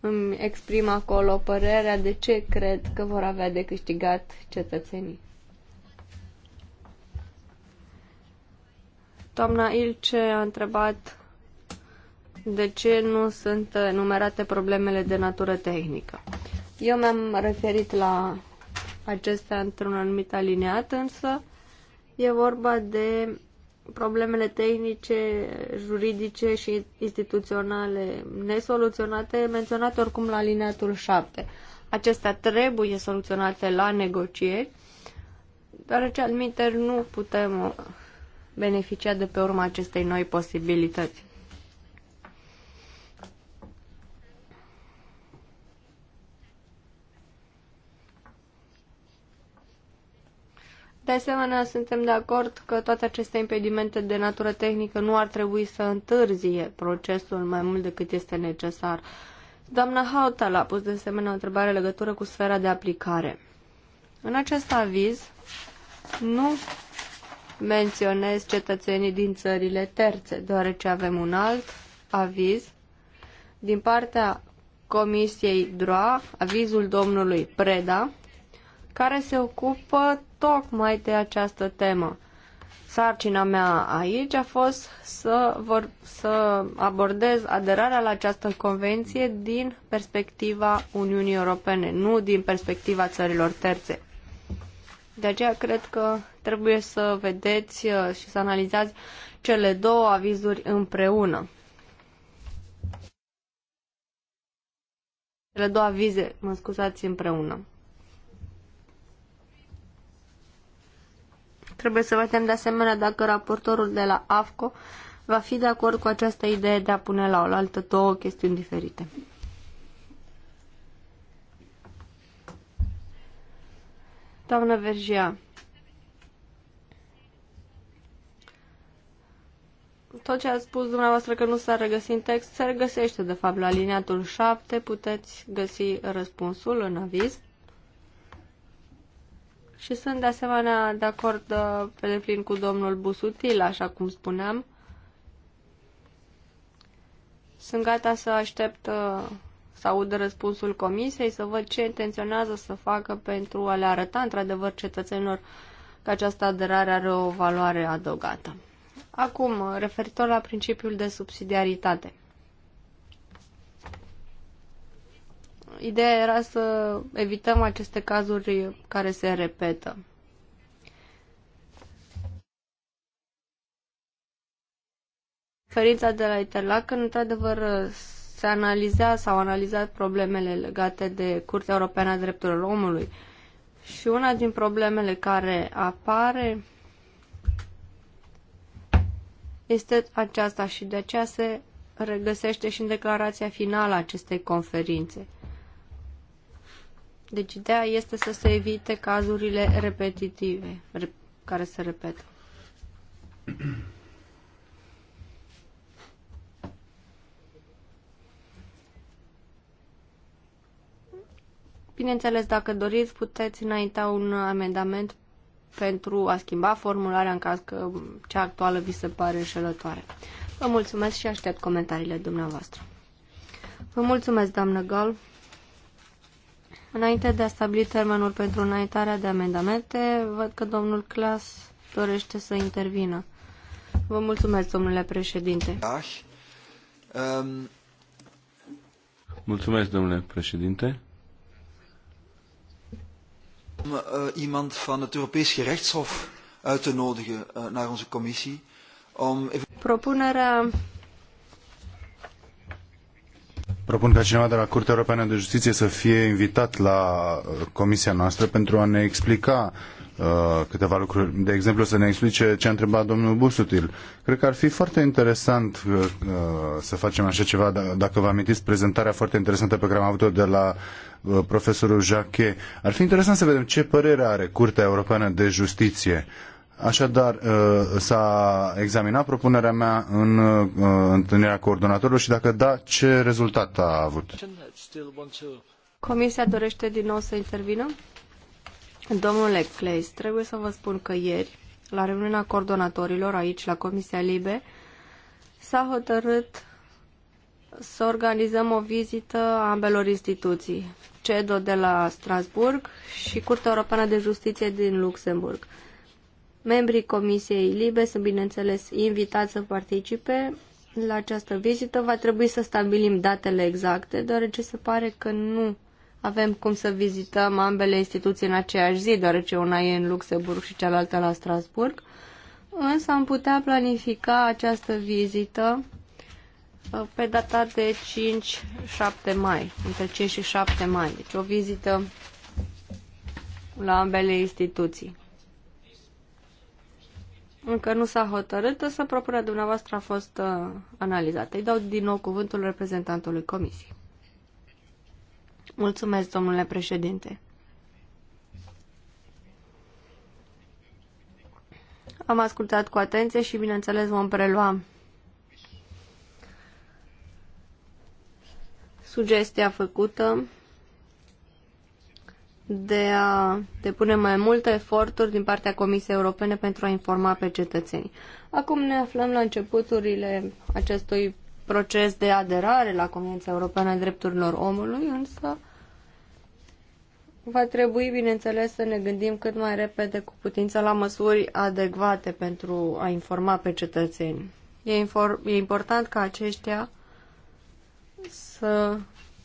Îmi exprim acolo părerea de ce cred că vor avea de câștigat cetățenii. Doamna Ilce a întrebat de ce nu sunt numerate problemele de natură tehnică. Eu mi-am referit la acestea într-un anumit aliniat, însă e vorba de problemele tehnice, juridice și instituționale nesoluționate, menționate oricum la alineatul 7. Acestea trebuie soluționate la negocieri, deoarece alminteri nu putem beneficia de pe urma acestei noi posibilități. De asemenea, suntem de acord că toate aceste impedimente de natură tehnică nu ar trebui să întârzie procesul mai mult decât este necesar. Doamna Hautala a pus de asemenea o întrebare legătură cu sfera de aplicare. În acest aviz nu menționez cetățenii din țările terțe, deoarece avem un alt aviz din partea Comisiei DROA, avizul domnului Preda, care se ocupă tocmai de această temă. Sarcina mea aici a fost să, vor, să abordez aderarea la această convenție din perspectiva Uniunii Europene, nu din perspectiva țărilor terțe. De aceea cred că trebuie să vedeți uh, și să analizați cele două avizuri împreună. Cele două avize, mă scuzați, împreună. Trebuie să vedem de asemenea dacă raportorul de la AFCO va fi de acord cu această idee de a pune la oaltă două chestiuni diferite. Doamna Vergia, tot ce ați spus dumneavoastră că nu s-a regăsit în text, se regăsește de fapt la liniatul 7, puteți găsi răspunsul în aviz. Și sunt de asemenea de acord uh, pe deplin cu domnul Busutil, așa cum spuneam. Sunt gata să aștept uh, să aud răspunsul comisiei, să văd ce intenționează să facă pentru a le arăta într-adevăr cetățenilor că această aderare are o valoare adăugată. Acum, referitor la principiul de subsidiaritate. ideea era să evităm aceste cazuri care se repetă. Conferința de la Interlac, într-adevăr, se analiza sau analizat problemele legate de Curtea Europeană a Drepturilor Omului. Și una din problemele care apare este aceasta și de aceea se regăsește și în declarația finală a acestei conferințe. Deci ideea este să se evite cazurile repetitive, care se repetă. Bineînțeles, dacă doriți, puteți înainta un amendament pentru a schimba formularea în caz că cea actuală vi se pare înșelătoare. Vă mulțumesc și aștept comentariile dumneavoastră. Vă mulțumesc, doamnă Gal. Înainte de a stabili termenul pentru înaintarea de amendamente, văd că domnul Clas dorește să intervină. Vă mulțumesc, domnule președinte. Mulțumesc, domnule președinte. Eh, iemand van het Europees Gerechtshof uit te nodigen eh, naar onze commissie om... Propunerea propun ca cineva de la Curtea Europeană de Justiție să fie invitat la uh, comisia noastră pentru a ne explica uh, câteva lucruri. De exemplu, să ne explice ce a întrebat domnul Busutil. Cred că ar fi foarte interesant uh, uh să facem așa ceva, da, dacă vă amintiți prezentarea foarte interesantă pe care am avut-o de la uh, profesorul Jacquet. Ar fi interesant să vedem ce părere are Curtea Europeană de Justiție Așadar, uh, s-a examinat propunerea mea în uh, întâlnirea coordonatorilor și dacă da, ce rezultat a avut? Comisia dorește din nou să intervină? Domnule Cleis, trebuie să vă spun că ieri, la reuniunea coordonatorilor aici, la Comisia Libe, s-a hotărât să organizăm o vizită a ambelor instituții, CEDO de la Strasburg și Curtea Europeană de Justiție din Luxemburg. Membrii Comisiei Libe sunt, bineînțeles, invitați să participe la această vizită. Va trebui să stabilim datele exacte, deoarece se pare că nu avem cum să vizităm ambele instituții în aceeași zi, deoarece una e în Luxemburg și cealaltă la Strasburg. Însă am putea planifica această vizită uh, pe data de 5-7 mai, între 5 și 7 mai. Deci o vizită la ambele instituții încă nu s-a hotărât, însă propunerea dumneavoastră a fost uh, analizată. Îi dau din nou cuvântul reprezentantului Comisiei. Mulțumesc, domnule președinte. Am ascultat cu atenție și, bineînțeles, vom prelua sugestia făcută de a depune mai multe eforturi din partea Comisiei Europene pentru a informa pe cetățenii. Acum ne aflăm la începuturile acestui proces de aderare la Comisia Europeană a Drepturilor Omului, însă va trebui, bineînțeles, să ne gândim cât mai repede cu putință la măsuri adecvate pentru a informa pe cetățeni. E, e important ca aceștia să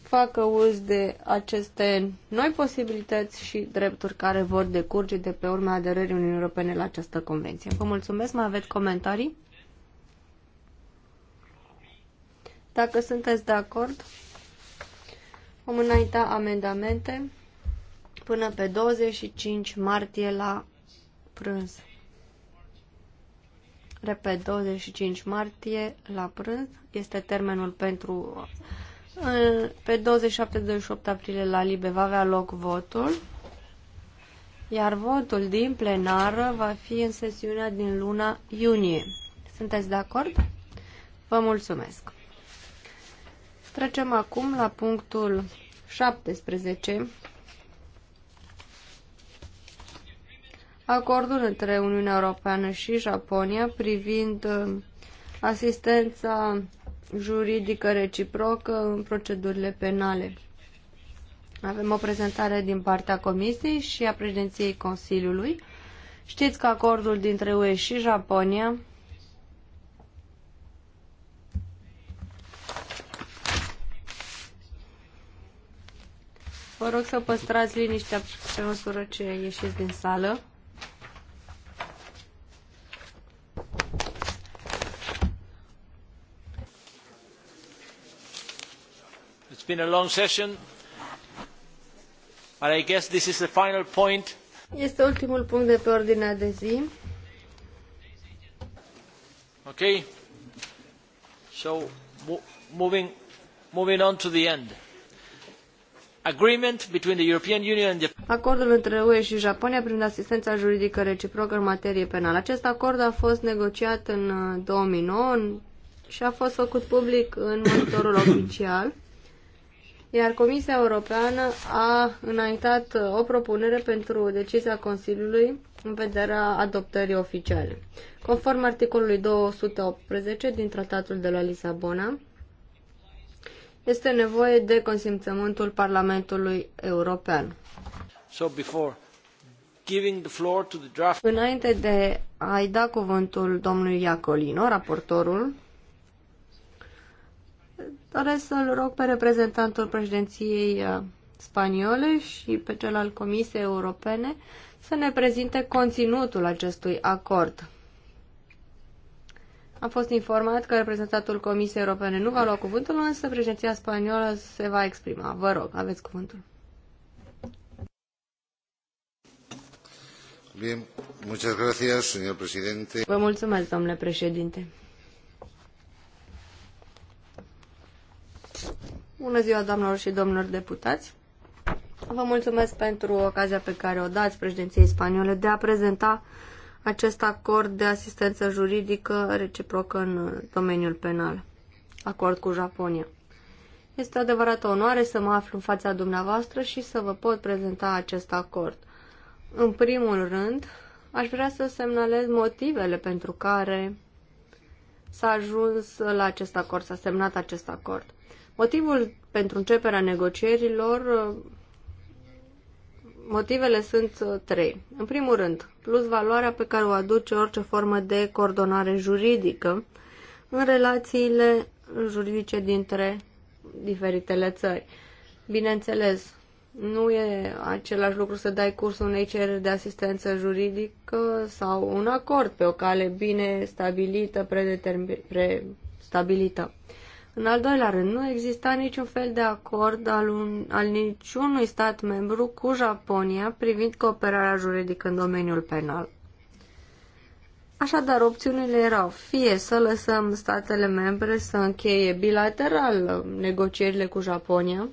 facă uz de aceste noi posibilități și drepturi care vor decurge de pe urma aderării Uniunii Europene la această convenție. Vă mulțumesc, mai aveți comentarii? Dacă sunteți de acord, vom înainta amendamente până pe 25 martie la prânz. Repet, 25 martie la prânz este termenul pentru Eh, pe 27-28 aprilie la Libe va avea loc votul, iar votul din plenară va fi în sesiunea din luna iunie. Sunteți de acord? Vă mulțumesc! Trecem acum la punctul 17. Acordul între Uniunea Europeană și Japonia privind eh, asistența juridică reciprocă în procedurile penale. Avem o prezentare din partea Comisiei și a președinției Consiliului. Știți că acordul dintre UE și Japonia Vă rog să păstrați liniștea pe măsură ce ieșiți din sală. been a long session. But I guess this is the final point. Este ultimul punct de pe ordinea de zi. Okay. So moving moving on to the end. Agreement between the European Union and Japan. Acordul între UE și Japonia privind asistența juridică reciprocă în materie penală. Acest acord a fost negociat în 2009 uh, și a fost făcut public în monitorul oficial iar Comisia Europeană a înaintat uh, o propunere pentru decizia Consiliului în vederea adoptării oficiale. Conform articolului 218 din Tratatul de la Lisabona, este nevoie de consimțământul Parlamentului European. So before giving the floor to the draft... Înainte de a-i da cuvântul domnului Iacolino, raportorul, Doresc să-l rog pe reprezentantul președinției uh, spaniole și pe cel al Comisiei Europene să ne prezinte conținutul acestui acord. Am fost informat că reprezentantul Comisiei Europene nu va lua cuvântul, însă președinția spaniolă se va exprima. Vă rog, aveți cuvântul. Bien, muchas gracias, señor presidente. Vă mulțumesc, domnule președinte. Bună ziua, doamnelor și domnilor deputați. Vă mulțumesc pentru ocazia pe care o dați președinției spaniole de a prezenta acest acord de asistență juridică reciprocă în domeniul penal, acord cu Japonia. Este o adevărată onoare să mă aflu în fața dumneavoastră și să vă pot prezenta acest acord. În primul rând, aș vrea să semnalez motivele pentru care s-a ajuns la acest acord, s-a semnat acest acord. Motivul pentru începerea negocierilor, motivele sunt uh, trei. În primul rând, plus valoarea pe care o aduce orice formă de coordonare juridică în relațiile juridice dintre diferitele țări. Bineînțeles, nu e același lucru să dai cursul unei cereri de asistență juridică sau un acord pe o cale bine stabilită, stabilită, în al doilea rând, nu exista niciun fel de acord al, un, al niciunui stat membru cu Japonia privind cooperarea juridică în domeniul penal. Așadar, opțiunile erau fie să lăsăm statele membre să încheie bilateral negocierile cu Japonia,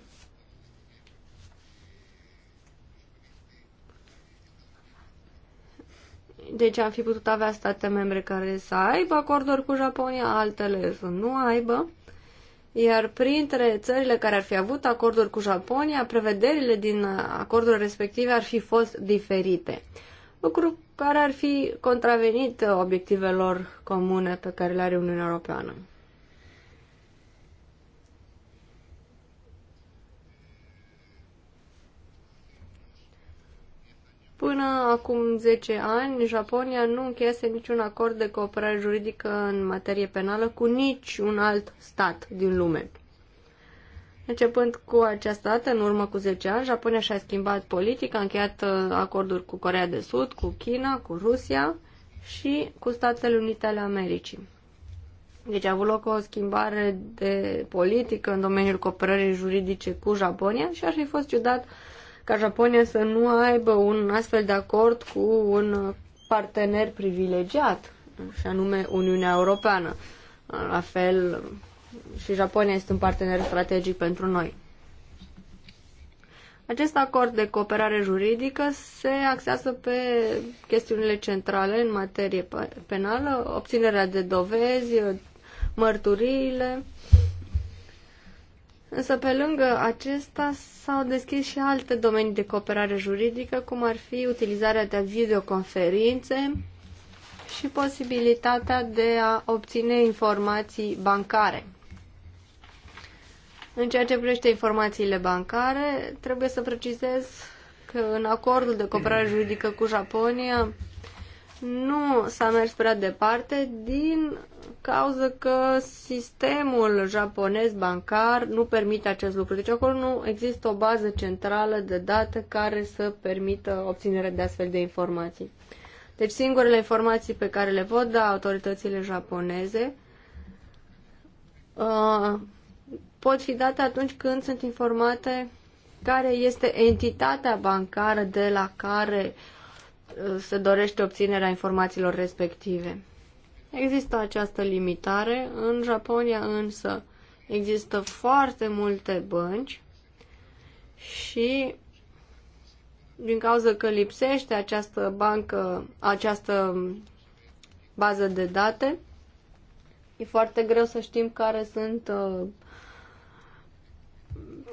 Deci am fi putut avea state membre care să aibă acorduri cu Japonia, altele să nu aibă. Iar printre țările care ar fi avut acorduri cu Japonia, prevederile din acordurile respective ar fi fost diferite. Lucru care ar fi contravenit obiectivelor comune pe care le are Uniunea Europeană. Până acum 10 ani, Japonia nu încheiase niciun acord de cooperare juridică în materie penală cu niciun alt stat din lume. Începând cu această dată, în urmă cu 10 ani, Japonia și-a schimbat politica, a încheiat uh, acorduri cu Corea de Sud, cu China, cu Rusia și cu Statele Unite ale Americii. Deci a avut loc o schimbare de politică în domeniul cooperării juridice cu Japonia și ar fi fost ciudat uh, ca Japonia să nu aibă un astfel de acord cu un partener privilegiat, și anume Uniunea Europeană. La fel, și Japonia este un partener strategic pentru noi. Acest acord de cooperare juridică se axează pe chestiunile centrale în materie penală, obținerea de dovezi, mărturiile, Însă, pe lângă acesta, s-au deschis și alte domenii de cooperare juridică, cum ar fi utilizarea de videoconferințe și posibilitatea de a obține informații bancare. În ceea ce privește informațiile bancare, trebuie să precizez că în acordul de cooperare juridică cu Japonia nu s-a mers prea departe din cauză că sistemul japonez bancar nu permite acest lucru. Deci acolo nu există o bază centrală de date care să permită obținerea de astfel de informații. Deci singurele informații pe care le pot da autoritățile japoneze uh, pot fi date atunci când sunt informate care este entitatea bancară de la care uh, se dorește obținerea informațiilor respective. Există această limitare. În Japonia însă există foarte multe bănci și din cauza că lipsește această bancă, această bază de date, e foarte greu să știm care sunt uh,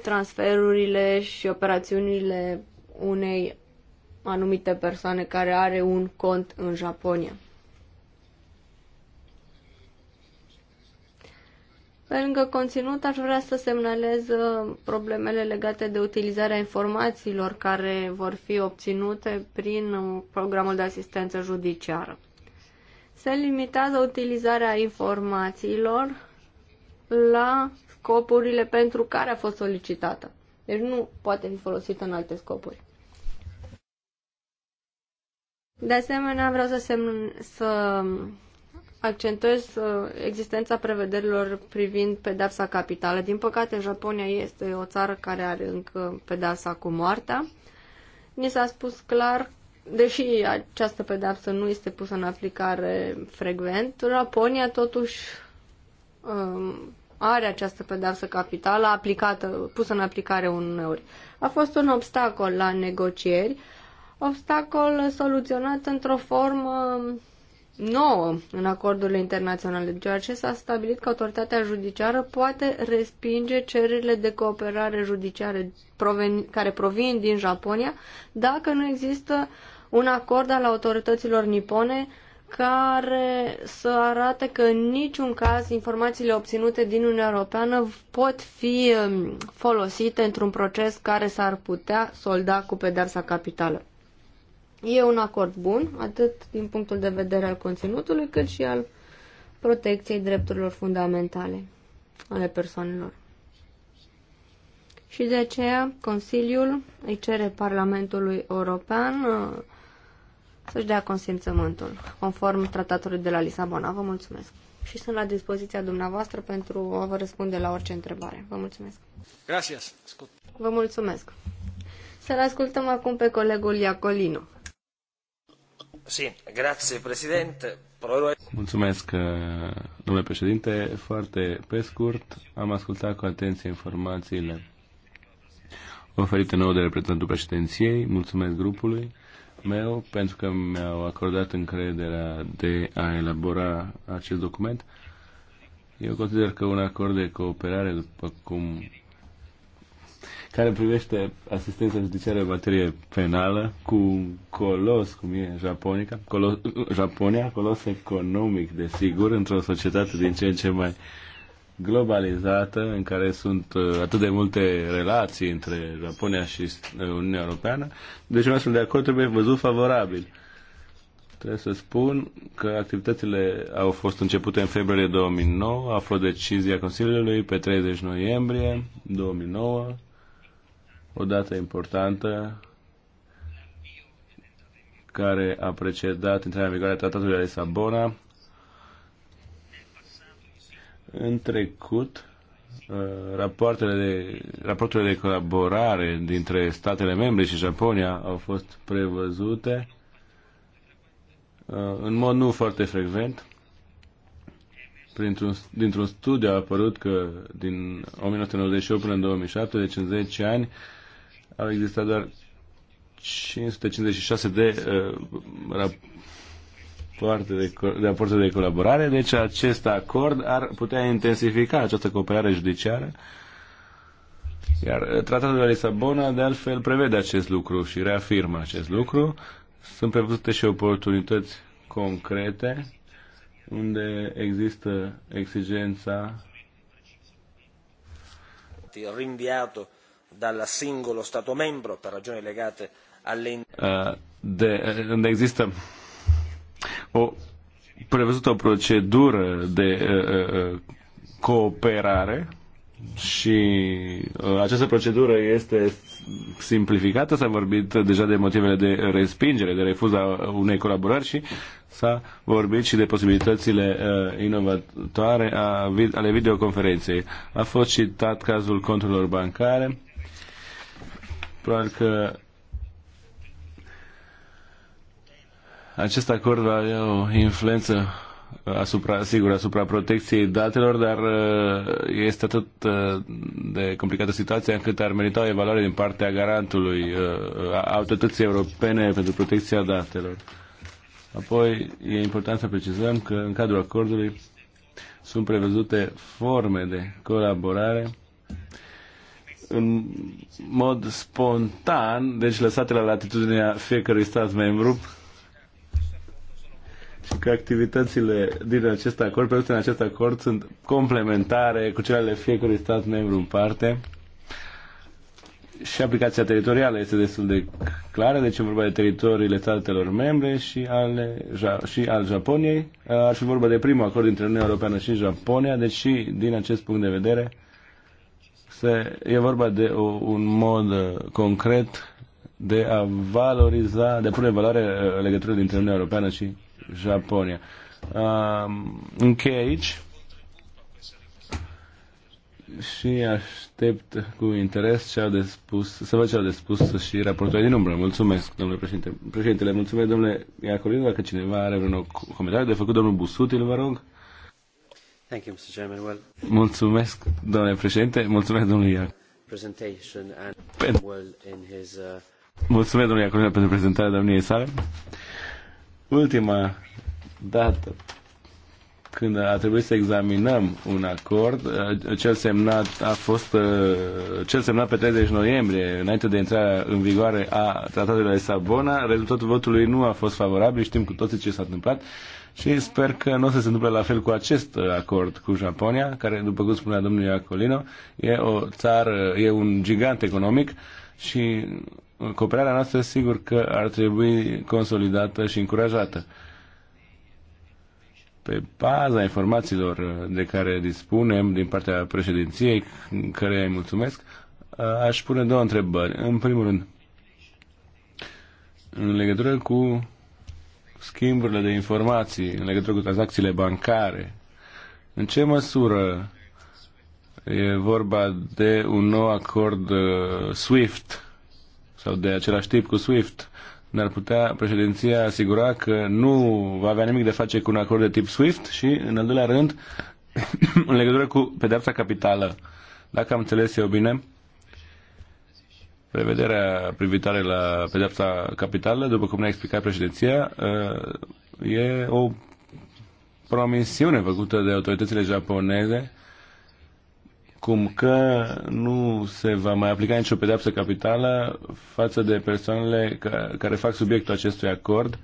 transferurile și operațiunile unei anumite persoane care are un cont în Japonia. Pe lângă conținut, aș vrea să semnalez uh, problemele legate de utilizarea informațiilor care vor fi obținute prin uh, programul de asistență judiciară. Se limitează utilizarea informațiilor la scopurile pentru care a fost solicitată. Deci nu poate fi folosită în alte scopuri. De asemenea, vreau să, semn, să accentuez uh, existența prevederilor privind pedepsa capitală. Din păcate, Japonia este o țară care are încă pedepsa cu moartea. Ni s-a spus clar, deși această pedepsă nu este pusă în aplicare frecvent, Japonia totuși um, are această pedapsă capitală aplicată, pusă în aplicare uneori. A fost un obstacol la negocieri, obstacol soluționat într-o formă 9 în acordurile internaționale, George s-a stabilit că autoritatea judiciară poate respinge cererile de cooperare judiciară care provin din Japonia dacă nu există un acord al autorităților nipone care să arate că în niciun caz informațiile obținute din Uniunea Europeană pot fi um, folosite într-un proces care s-ar putea solda cu pedeapsa capitală. E un acord bun, atât din punctul de vedere al conținutului, cât și al protecției drepturilor fundamentale ale persoanelor. Și de aceea Consiliul îi cere Parlamentului European uh, să-și dea consimțământul, conform tratatului de la Lisabona. Vă mulțumesc. Și sunt la dispoziția dumneavoastră pentru a vă răspunde la orice întrebare. Vă mulțumesc. Gracias. Vă mulțumesc. Să-l ascultăm acum pe colegul Iacolino grazie, Mulțumesc, eh, domnule președinte. Foarte pe scurt, am ascultat cu atenție informațiile oferite nouă de reprezentantul președinției. Mulțumesc grupului meu pentru că mi-au acordat încrederea de a elabora acest document. Eu consider că un acord de cooperare, după cum care privește asistența judiciară în materie penală cu un colos, cum e Japonica, colos, Japonia, colos economic, desigur, într-o societate din ce în ce mai globalizată, în care sunt uh, atât de multe relații între Japonia și uh, Uniunea Europeană. Deci un astfel de acord trebuie văzut favorabil. Trebuie să spun că activitățile au fost începute în februarie 2009, a fost decizia Consiliului pe 30 noiembrie 2009 o dată importantă care a precedat intrarea în vigoare a tratatului de Lisabona. În trecut, uh, rapoartele de, raporturile de colaborare dintre statele membre și Japonia au fost prevăzute uh, în mod nu foarte frecvent. Printr-un, dintr-un studiu a apărut că din 1998 până în 2007, deci în 10 ani, au existat doar 556 de uh, rapoarte de, de rapoarte de colaborare, deci acest acord ar putea intensifica această cooperare judiciară. Iar uh, tratatul de la Lisabona, de altfel, prevede acest lucru și reafirmă acest lucru. Sunt prevăzute și oportunități concrete unde există exigența dal singolo Stato membro per ragioni legate alle... Uh, de, unde există o prevăzută o procedură de uh, cooperare și uh, această procedură este simplificată, s-a vorbit deja de motivele de respingere, de refuz a unei colaborări și s-a vorbit și de posibilitățile uh, inovatoare a, ale videoconferenței. A fost citat cazul conturilor bancare Probabil că acest acord va avea o influență asupra, sigur, asupra protecției datelor, dar uh, este atât uh, de complicată situația încât ar merita o evaluare din partea garantului uh, a autorității europene pentru protecția datelor. Apoi, e important să precizăm că în cadrul acordului sunt prevăzute forme de colaborare în mod spontan, deci lăsate la latitudinea fiecărui stat membru, și că activitățile din acest acord, prevăzute în acest acord, sunt complementare cu cele ale fiecărui stat membru în parte. Și aplicația teritorială este destul de clară, deci e vorba de teritoriile statelor membre și, ale, și al Japoniei. Ar fi vorba de primul acord dintre Uniunea Europeană și Japonia, deci și din acest punct de vedere este, e vorba de o, un mod uh, concret de a valoriza, de a pune valoare uh, legăturile dintre Uniunea Europeană și Japonia. Uh, închei aici și aștept cu interes ce au de spus, să văd ce au de spus și raportul din umbră. Mulțumesc, domnule președinte. Președintele, mulțumesc, domnule Iacolino. Dacă cineva are vreun comentariu de făcut, domnul Busutil, vă rog. Thank you, Mr. Chairman. Well, mulțumesc, domnule președinte, mulțumesc domnului Iar. Presentation and well in his, uh... Mulțumesc, domnule Iacolina, pentru prezentarea domniei sale. Ultima dată când a trebuit să examinăm un acord, uh, cel semnat a fost uh, cel semnat pe 30 noiembrie, înainte de intrarea în vigoare a tratatului de Lisabona, rezultatul votului nu a fost favorabil, știm cu toții ce s-a întâmplat și sper că nu o să se întâmple la fel cu acest acord cu Japonia, care, după cum spunea domnul Iacolino, e o țară, e un gigant economic și cooperarea noastră sigur că ar trebui consolidată și încurajată. Pe baza informațiilor de care dispunem din partea președinției, care îi mulțumesc, aș pune două întrebări. În primul rând, în legătură cu schimburile de informații în legătură cu tranzacțiile bancare, în ce măsură e vorba de un nou acord uh, SWIFT sau de același tip cu SWIFT? ne-ar putea președinția asigura că nu va avea nimic de face cu un acord de tip SWIFT și, în al doilea rând, în legătură cu pedeapsa capitală. Dacă am înțeles eu bine, Prevederea privitoare la pedepsa capitală, după cum ne-a explicat președinția, uh, e o promisiune făcută de autoritățile japoneze cum că nu se va mai aplica nicio pedeapsă capitală față de persoanele care fac subiectul acestui acord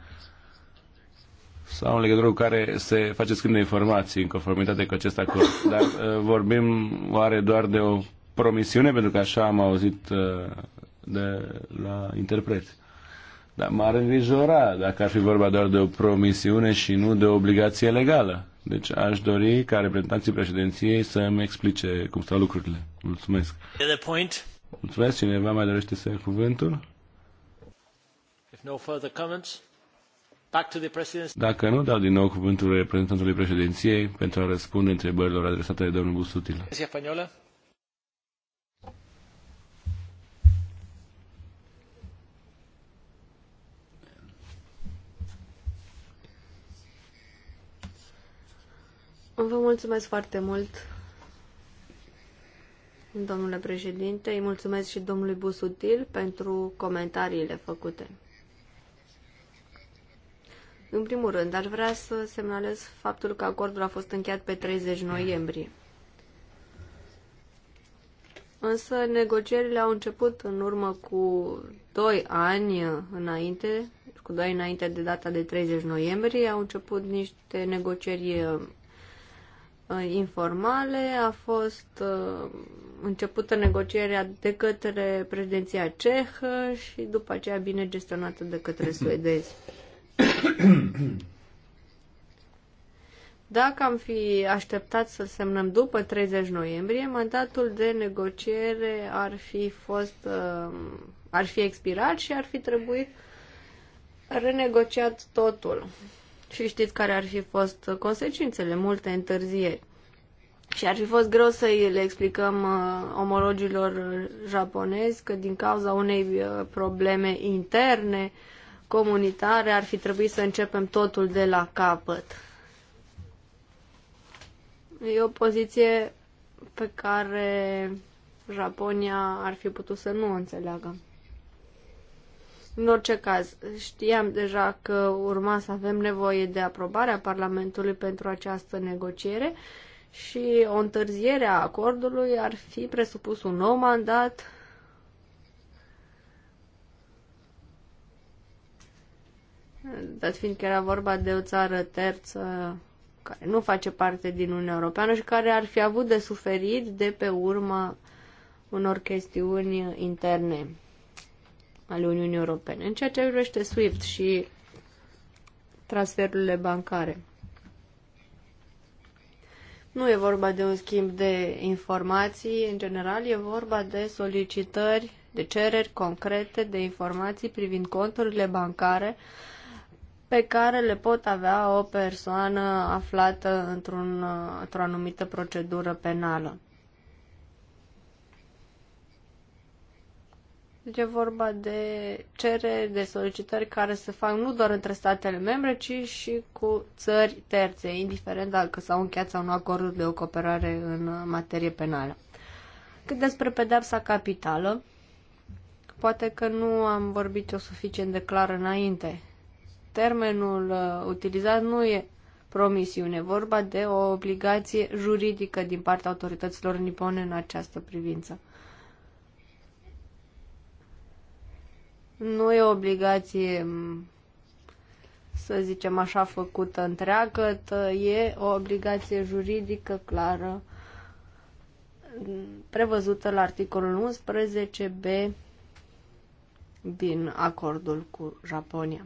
sau în legătură cu care se face schimb de informații în conformitate cu acest acord. Dar uh, vorbim oare doar de o promisiune, pentru că așa am auzit uh, de la interpreți. Dar m-ar îngrijora dacă ar fi vorba doar de o promisiune și nu de o obligație legală. Deci aș dori ca reprezentanții președinției să îmi explice cum stau lucrurile. Mulțumesc. The point. Mulțumesc. Cineva mai dorește să ia cuvântul? If no further comments, back to the presidency. Dacă nu, dau din nou cuvântul reprezentantului președinției pentru a răspunde întrebărilor adresate de domnul Busutil. Spaniolă? Vă mulțumesc foarte mult, domnule președinte. Îi mulțumesc și domnului Busutil pentru comentariile făcute. În primul rând, aș vrea să semnalez faptul că acordul a fost încheiat pe 30 noiembrie. Însă negocierile au început în urmă cu 2 ani înainte, cu 2 ani înainte de data de 30 noiembrie, au început niște negocieri Uh, informale a fost uh, începută negocierea de către președinția cehă și după aceea bine gestionată de către suedezi. Dacă am fi așteptat să semnăm după 30 noiembrie, mandatul de negociere ar fi fost uh, ar fi expirat și ar fi trebuit renegociat totul. Și știți care ar fi fost consecințele, multe întârzieri. Și ar fi fost greu să le explicăm uh, omologilor japonezi că din cauza unei uh, probleme interne, comunitare, ar fi trebuit să începem totul de la capăt. E o poziție pe care Japonia ar fi putut să nu o înțeleagă. În orice caz, știam deja că urma să avem nevoie de aprobarea Parlamentului pentru această negociere și o întârziere a acordului ar fi presupus un nou mandat dat fiind că era vorba de o țară terță care nu face parte din Uniunea Europeană și care ar fi avut de suferit de pe urma unor chestiuni interne ale Uniunii Europene. În ceea ce privește SWIFT și transferurile bancare. Nu e vorba de un schimb de informații, în general e vorba de solicitări, de cereri concrete de informații privind conturile bancare pe care le pot avea o persoană aflată într-un, într-o anumită procedură penală. Deci e vorba de cere de solicitări care se fac nu doar între statele membre, ci și cu țări terțe, indiferent dacă s-au încheiat sau nu acorduri de o cooperare în materie penală. Cât despre pedepsa capitală, poate că nu am vorbit-o suficient de clar înainte. Termenul uh, utilizat nu e promisiune, vorba de o obligație juridică din partea autorităților nipone în această privință. Nu e o obligație, să zicem așa, făcută întreagă, e o obligație juridică clară prevăzută la articolul 11b din acordul cu Japonia.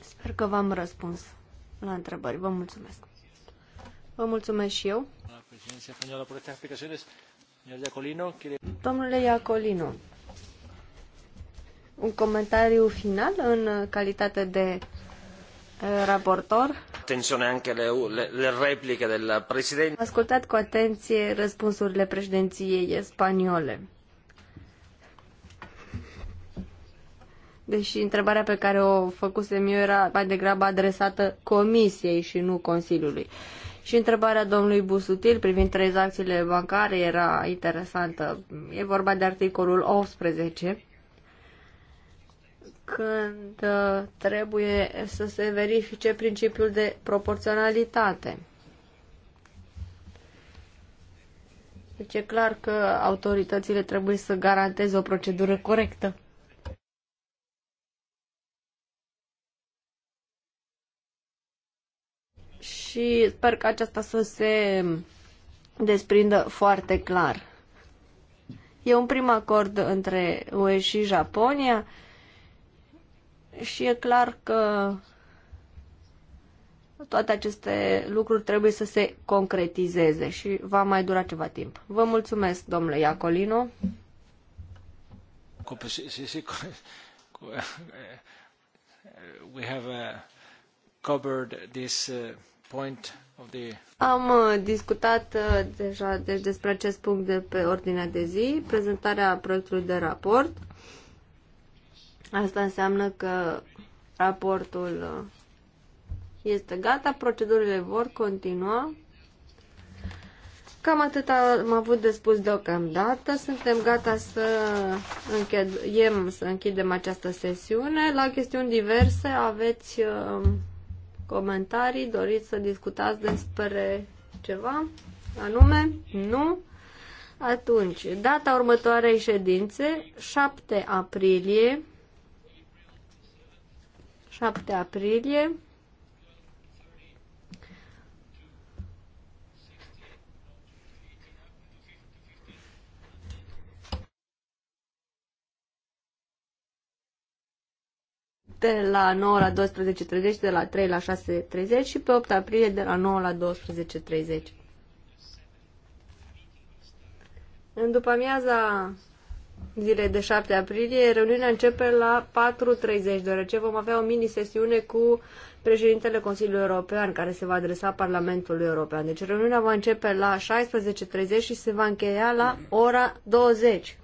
Sper că v-am răspuns la întrebări. Vă mulțumesc. Vă mulțumesc și eu. Domnule Iacolino, un comentariu final în calitate de eh, raportor. Atenție anche le, le, le repliche del președinte. Ascultat cu atenție răspunsurile președinției spaniole. Deși întrebarea pe care o făcusem eu era mai degrabă adresată Comisiei și nu Consiliului. Și întrebarea domnului Busutil privind tranzacțiile bancare era interesantă. E vorba de articolul 18 când uh, trebuie să se verifice principiul de proporționalitate. Deci e clar că autoritățile trebuie să garanteze o procedură corectă. Și sper că aceasta să se desprindă foarte clar. E un prim acord între UE și Japonia și e clar că toate aceste lucruri trebuie să se concretizeze și va mai dura ceva timp. Vă mulțumesc, domnule Iacolino. Am uh, discutat uh, deja deci, despre acest punct de pe ordinea de zi, prezentarea proiectului de raport. Asta înseamnă că raportul uh, este gata, procedurile vor continua. Cam atât am avut de spus deocamdată. Suntem gata să iem să închidem această sesiune. La chestiuni diverse aveți uh, comentarii, doriți să discutați despre ceva anume? Nu? Atunci, data următoarei ședințe, 7 aprilie, 7 aprilie. de la 9 la 12.30, de la 3 la 6.30 și pe 8 aprilie de la 9 la 12.30. În după amiaza zilei de 7 aprilie. Reuniunea începe la 4.30, deoarece vom avea o mini-sesiune cu președintele Consiliului European, care se va adresa Parlamentului European. Deci reuniunea va începe la 16.30 și se va încheia la ora 20.